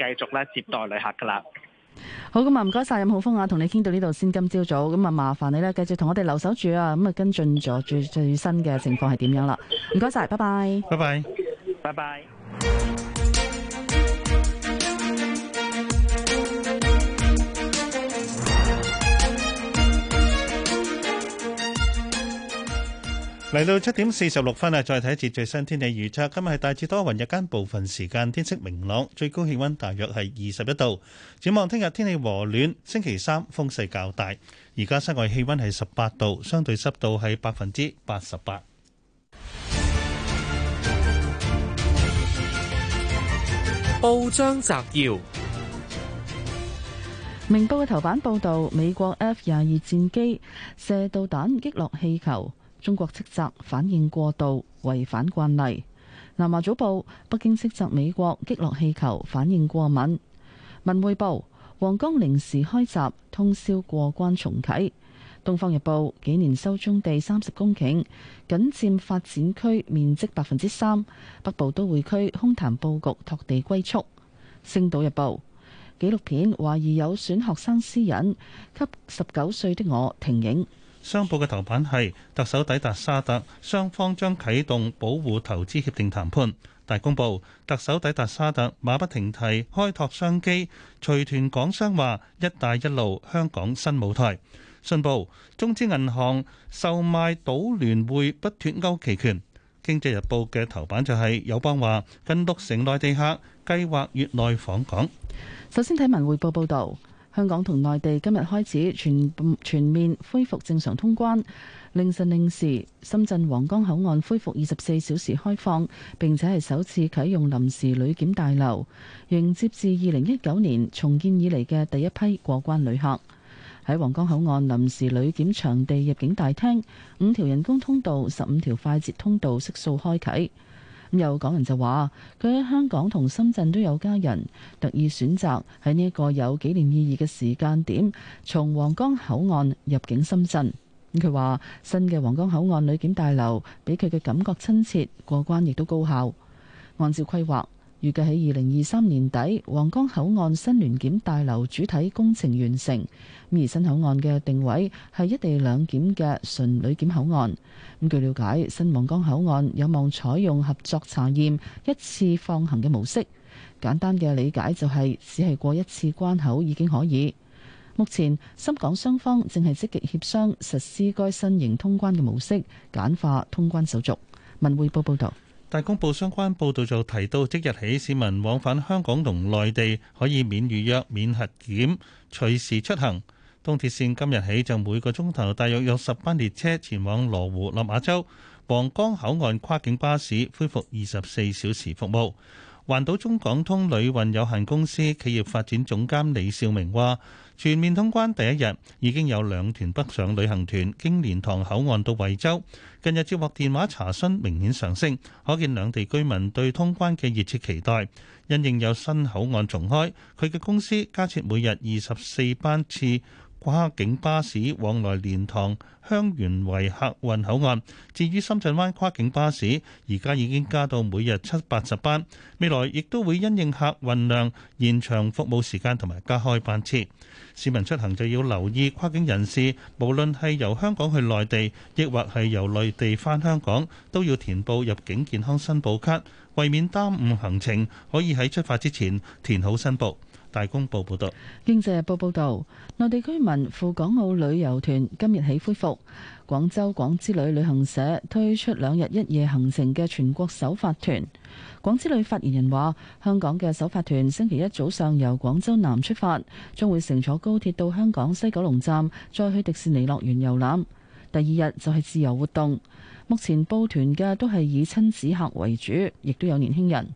繼續咧接待旅客㗎喇，好，咁啊，唔該晒，任浩峰啊，同你傾到呢度先。今朝早咁啊，麻煩你咧繼續同我哋留守住啊，咁啊跟進咗最最新嘅情況係點樣啦？唔該晒，拜拜，拜拜，拜拜。拜拜嚟到七點四十六分啦，再睇一次最新天氣預測。今日係大致多雲，日間部分時間天色明朗，最高氣溫大約係二十一度。展望聽日天，天氣和暖，星期三風勢較大。而家室外氣溫係十八度，相對濕度係百分之八十八。報章摘要：明報嘅頭版報道，美國 F 廿二戰機射導彈擊，擊落氣球。中國斥責反應過度，違反慣例。南華早報：北京斥責美國擊落氣球，反應過敏。文匯報：皇崗零時開閘，通宵過關重啟。東方日報：幾年收棕地三十公頃，僅佔發展區面積百分之三。北部都會區空談佈局，拓地龜速。星島日報：紀錄片懷疑有損學生私隱，給十九歲的我停映。商報嘅頭版係特首抵達沙特，雙方將啟動保護投資協定談判。大公報：特首抵達沙特，馬不停蹄開拓商機。隨團港商話：一帶一路，香港新舞台。信報：中資銀行售賣賭聯會不脫鈎期權。經濟日報嘅頭版就係友邦話，近六成內地客計劃月內訪港。首先睇文匯報報道。香港同內地今日開始全全面恢復正常通關。凌晨零時，深圳皇崗口岸恢復二十四小時開放，並且係首次啟用臨時旅檢大樓，迎接至二零一九年重建以嚟嘅第一批過關旅客。喺皇崗口岸臨時旅檢場地入境大廳，五條人工通道、十五條快捷通道悉數開啓。有港人就話：佢喺香港同深圳都有家人，特意選擇喺呢一個有紀念意義嘅時間點，從皇崗口岸入境深圳。佢話：新嘅皇崗口岸旅檢大樓俾佢嘅感覺親切，過關亦都高效。按照規劃，預計喺二零二三年底，皇崗口岸新聯檢大樓主體工程完成。而新口岸嘅定位係一地兩檢嘅純旅檢口岸。咁據了解，新皇崗口岸有望採用合作查驗一次放行嘅模式。簡單嘅理解就係、是、只係過一次關口已經可以。目前深港雙方正係積極協商實施該新型通關嘅模式，簡化通關手續。文匯報報道，大公報相關報道就提到，即日起市民往返香港同內地可以免預約、免核檢、隨時出行。東鐵線今日起就每個鐘頭大約有十班列車前往羅湖、落馬洲、皇崗口岸，跨境巴士恢復二十四小時服務。環島中港通旅運有限公司企業發展總監李少明話，全面通關第一日已經有兩團北上旅行團經蓮塘口岸到惠州，近日接獲電話查詢明顯上升，可見兩地居民對通關嘅熱切期待。因應有新口岸重開，佢嘅公司加設每日二十四班次。跨境巴士往來蓮塘、香園圍客運口岸。至於深圳灣跨境巴士，而家已經加到每日七八十班，未來亦都會因應客運量延長服務時間同埋加開班次。市民出行就要留意跨境人士，無論係由香港去內地，亦或係由內地翻香港，都要填報入境健康申報卡，為免耽誤行程，可以喺出發之前填好申報。大公報報道，《經濟日報》報道，內地居民赴港澳旅遊團今日起恢復。廣州廣之旅旅行社推出兩日一夜行程嘅全國首發團。廣之旅發言人話：香港嘅首發團星期一早上由廣州南出發，將會乘坐高鐵到香港西九龍站，再去迪士尼樂園遊覽。第二日就係自由活動。目前報團嘅都係以親子客為主，亦都有年輕人。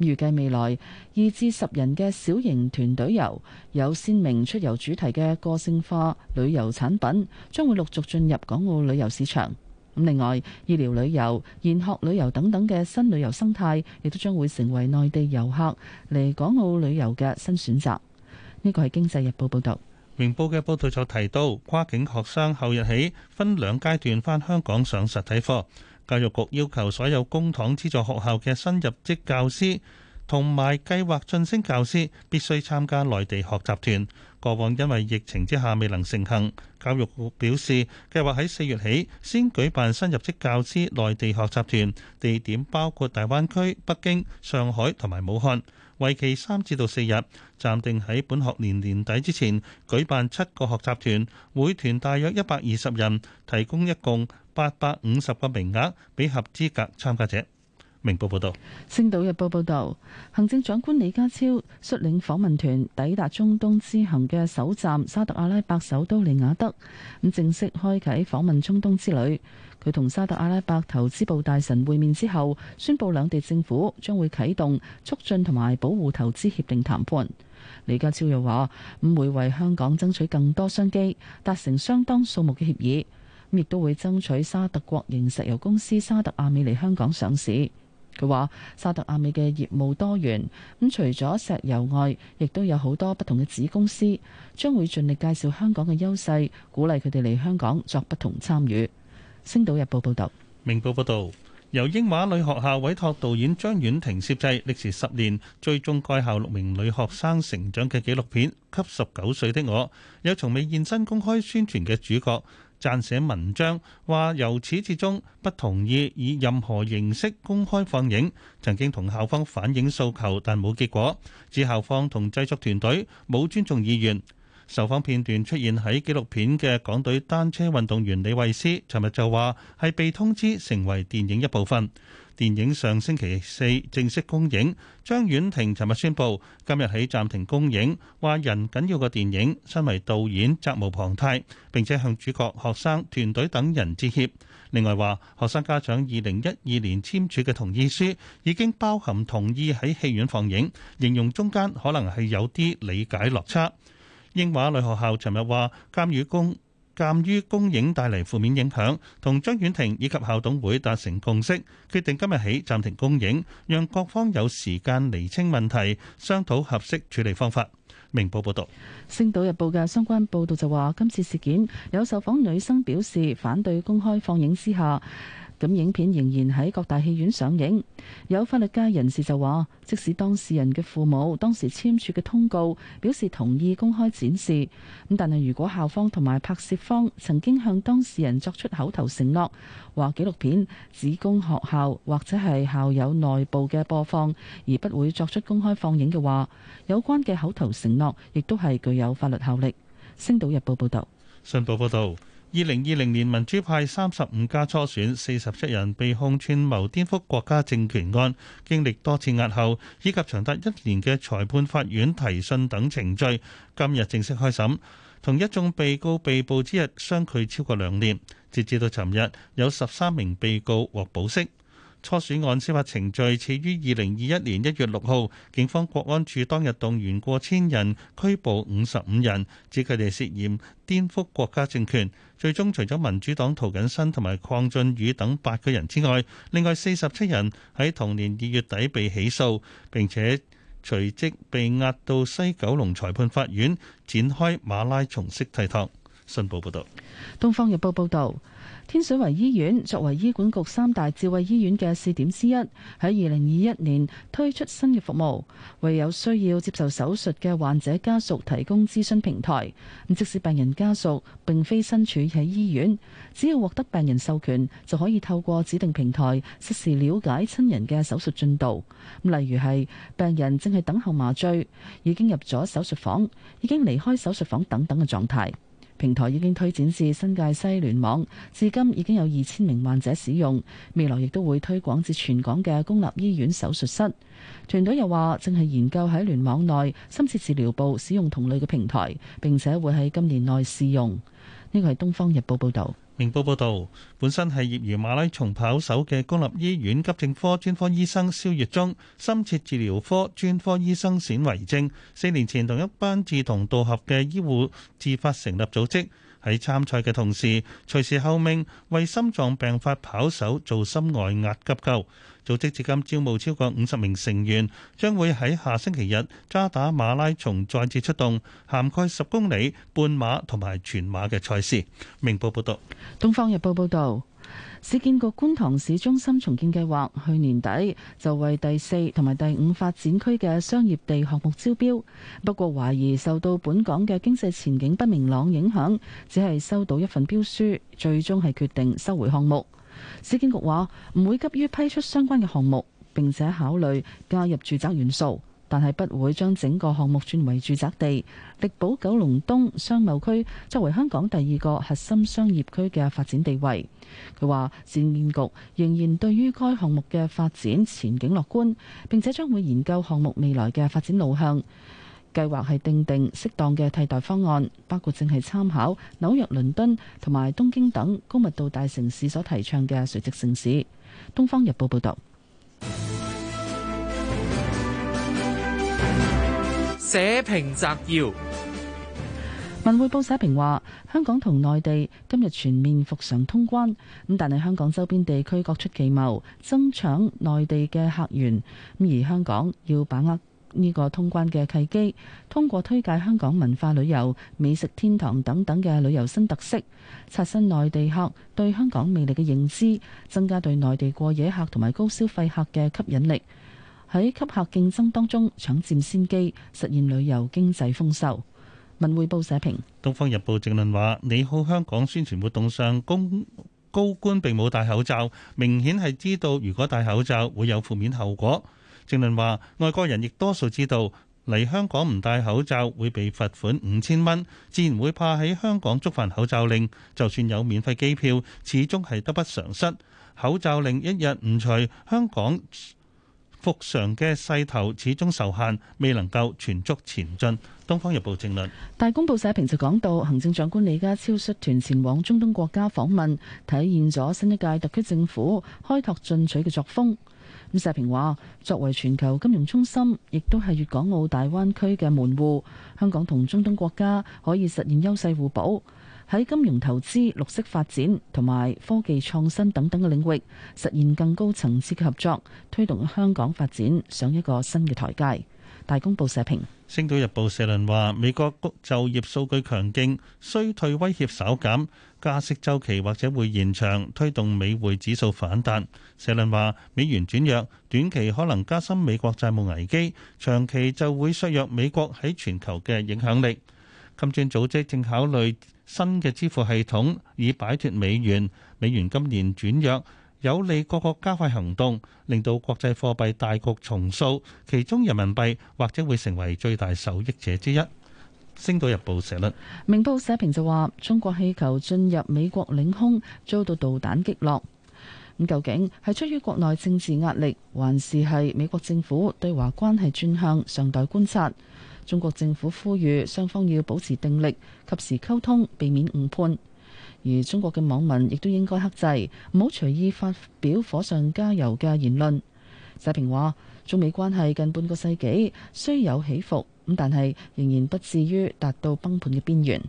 預計未來二至十人嘅小型團隊遊，有鮮明出遊主題嘅個性化旅遊產品，將會陸續進入港澳旅遊市場。咁另外，醫療旅遊、研學旅遊等等嘅新旅遊生態，亦都將會成為內地遊客嚟港澳旅遊嘅新選擇。呢個係《經濟日報》報道。明報嘅報道就提到，跨境學生後日起分兩階段返香港上實體課。教育局要求所有公帑資助學校嘅新入職教師同埋計劃晉升教師必須參加內地學習團。過往因為疫情之下未能成行，教育局表示計劃喺四月起先舉辦新入職教師內地學習團，地點包括大灣區、北京、上海同埋武漢。為期三至到四日，暫定喺本學年年底之前舉辦七個學習團，每團大約一百二十人，提供一共八百五十個名額俾合資格參加者。明報報道，《星島日報》報道，行政長官李家超率領訪問團抵達中東之行嘅首站沙特阿拉伯首都利雅德，咁正式開啓訪問中東之旅。佢同沙特阿拉伯投資部大臣會面之後，宣布兩地政府將會啟動促進同埋保護投資協定談判。李家超又話：唔會為香港爭取更多商機，達成相當數目嘅協議，亦都會爭取沙特國營石油公司沙特阿美嚟香港上市。佢話：沙特阿美嘅業務多元，咁、嗯、除咗石油外，亦都有好多不同嘅子公司，將會盡力介紹香港嘅優勢，鼓勵佢哋嚟香港作不同參與。星島日報報道：「明報報道，由英華女學校委託導演張婉婷攝製，歷時十年追蹤該校六名女學生成長嘅紀錄片《給十九歲的我》，有從未現身公開宣傳嘅主角。撰寫文章話，由始至終不同意以任何形式公開放映。曾經同校方反映訴求，但冇結果，指校方同製作團隊冇尊重意願。受訪片段出現喺紀錄片嘅港隊單車運動員李慧詩，尋日就話係被通知成為電影一部分。電影上星期四正式公映，張婉婷尋日宣布今日起暫停公映，話人緊要嘅電影，身為導演責無旁貸，並且向主角、學生、團隊等人致歉。另外話，學生家長二零一二年簽署嘅同意書已經包含同意喺戲院放映，形容中間可能係有啲理解落差。英華女學校尋日話，鑑於公。鑑於公映帶嚟負面影響，同張婉婷以及校董會達成共識，決定今日起暫停公映，讓各方有時間釐清問題，商討合適處理方法。明報報道，《星島日報》嘅相關報道就話，今次事件有受訪女生表示反對公開放映私下。咁影片仍然喺各大戲院上映。有法律界人士就話，即使當事人嘅父母當時簽署嘅通告表示同意公開展示，咁但係如果校方同埋拍攝方曾經向當事人作出口頭承諾，話紀錄片只供學校或者係校友內部嘅播放，而不會作出公開放映嘅話，有關嘅口頭承諾亦都係具有法律效力。《星島日報》報道，《信報》報道。二零二零年民主派三十五家初選，四十七人被控串謀顛覆國家政權案，經歷多次押後以及長達一年嘅裁判法院提訊等程序，今日正式開審。同一眾被告被捕之日相距超過兩年，截至到尋日，有十三名被告獲保釋。初選案司法程序始於二零二一年一月六號，警方國安處當日動員過千人拘捕五十五人，指佢哋涉嫌顛覆國家政權。最終除咗民主黨涂謹申同埋鄺俊宇等八個人之外，另外四十七人喺同年二月底被起訴，並且隨即被押到西九龍裁判法院展開馬拉松式提堂。新報報導，《東方日報》報道，天水圍醫院作為醫管局三大智慧醫院嘅試點之一，喺二零二一年推出新嘅服務，為有需要接受手術嘅患者家屬提供諮詢平台。咁，即使病人家屬並非身處喺醫院，只要獲得病人授權，就可以透過指定平台實時了解親人嘅手術進度。例如係病人正係等候麻醉，已經入咗手術房，已經離開手術房等等嘅狀態。平台已經推展至新界西聯網，至今已經有二千名患者使用，未來亦都會推廣至全港嘅公立醫院手術室。團隊又話，正係研究喺聯網內深切治療部使用同類嘅平台，並且會喺今年內試用。呢個係《東方日報》報導。明報報導，本身係業餘馬拉松跑手嘅公立醫院急症科專科醫生蕭月中，深切治療科專科醫生冼維正，四年前同一班志同道合嘅醫護自發成立組織，喺參賽嘅同時，隨時候命為心臟病發跑手做心外壓急救。組織至今招募超過五十名成員，將會喺下星期日渣打馬拉松再次出動，涵蓋十公里、半馬同埋全馬嘅賽事。明報報導，東方日報報導，市建局觀塘市中心重建計劃去年底就為第四同埋第五發展區嘅商業地項目招標，不過懷疑受到本港嘅經濟前景不明朗影響，只係收到一份標書，最終係決定收回項目。市建局話唔會急於批出相關嘅項目，並且考慮加入住宅元素，但係不會將整個項目轉為住宅地，力保九龍東商貿區作為香港第二個核心商業區嘅發展地位。佢話市建局仍然對於該項目嘅發展前景樂觀，並且將會研究項目未來嘅發展路向。計劃係訂定適當嘅替代方案，包括正係參考紐約、倫敦同埋東京等高密度大城市所提倡嘅垂直城市。《東方日報》報道。社評摘要：文匯報社評話，香港同內地今日全面復常通關，咁但係香港周邊地區各出奇謀，爭搶內地嘅客源，咁而香港要把握，呢個通關嘅契機，通過推介香港文化旅遊、美食天堂等等嘅旅遊新特色，刷新內地客對香港魅力嘅認知，增加對內地過夜客同埋高消費客嘅吸引力，喺吸客競爭當中搶佔先機，實現旅遊經濟豐收。文匯報社評，《東方日報》正論話：你好香港宣傳活動上，高高官並冇戴口罩，明顯係知道如果戴口罩會有負面後果。政論話，外國人亦多數知道嚟香港唔戴口罩會被罰款五千蚊，自然會怕喺香港觸犯口罩令。就算有免費機票，始終係得不償失。口罩令一日唔除，香港復常嘅勢頭始終受限，未能夠全速前進。《東方日報》政論大公報社評就講到，行政長官李家超率團前往中東國家訪問，體現咗新一屆特區政府開拓進取嘅作風。咁社評話：作為全球金融中心，亦都係粵港澳大灣區嘅門戶，香港同中東國家可以實現優勢互補，喺金融投資、綠色發展同埋科技創新等等嘅領域，實現更高層次嘅合作，推動香港發展上一個新嘅台階。大公報社評。《星島日報》社論話：美國就業數據強勁，衰退威脅稍減，加息周期或者會延長，推動美匯指數反彈。社論話美元轉弱，短期可能加深美國債務危機，長期就會削弱美國喺全球嘅影響力。金磚組織正考慮新嘅支付系統，以擺脱美元。美元今年轉弱。有利各國加快行動，令到國際貨幣大局重塑，其中人民幣或者會成為最大受益者之一。星島日報社論。明報社評就話，中國氣球進入美國領空遭到導彈擊落，咁究竟係出於國內政治壓力，還是係美國政府對華關係轉向，尚待觀察。中國政府呼籲雙方要保持定力，及時溝通，避免誤判。而中國嘅網民亦都應該克制，唔好隨意發表火上加油嘅言論。社評話：中美關係近半個世紀雖有起伏，咁但係仍然不至於達到崩盤嘅邊緣。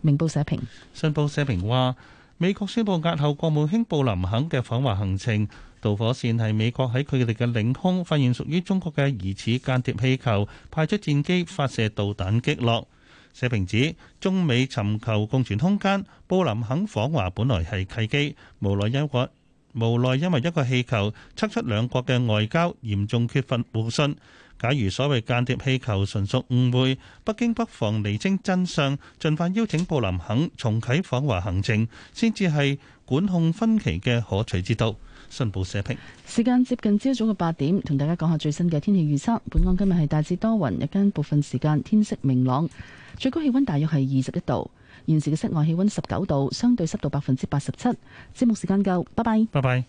明報社評、信報社評話：美國宣布押後國務卿布林肯嘅訪華行程，導火線係美國喺佢哋嘅領空發現屬於中國嘅疑似間諜氣球，派出戰機發射導彈擊落。社評指中美尋求共存空間，布林肯訪華本來係契機，無奈因為無奈因為一個氣球測出兩國嘅外交嚴重缺乏互信。假如所謂間諜氣球純屬誤會，北京不妨厘清真相，盡快邀請布林肯重啟訪華行程，先至係管控分歧嘅可取之道。信報社評。時間接近朝早嘅八點，同大家講下最新嘅天氣預測。本港今日係大致多雲，日間部分時間天色明朗。最高氣溫大約係二十一度，現時嘅室外氣溫十九度，相對濕度百分之八十七。節目時間夠，拜拜，拜拜。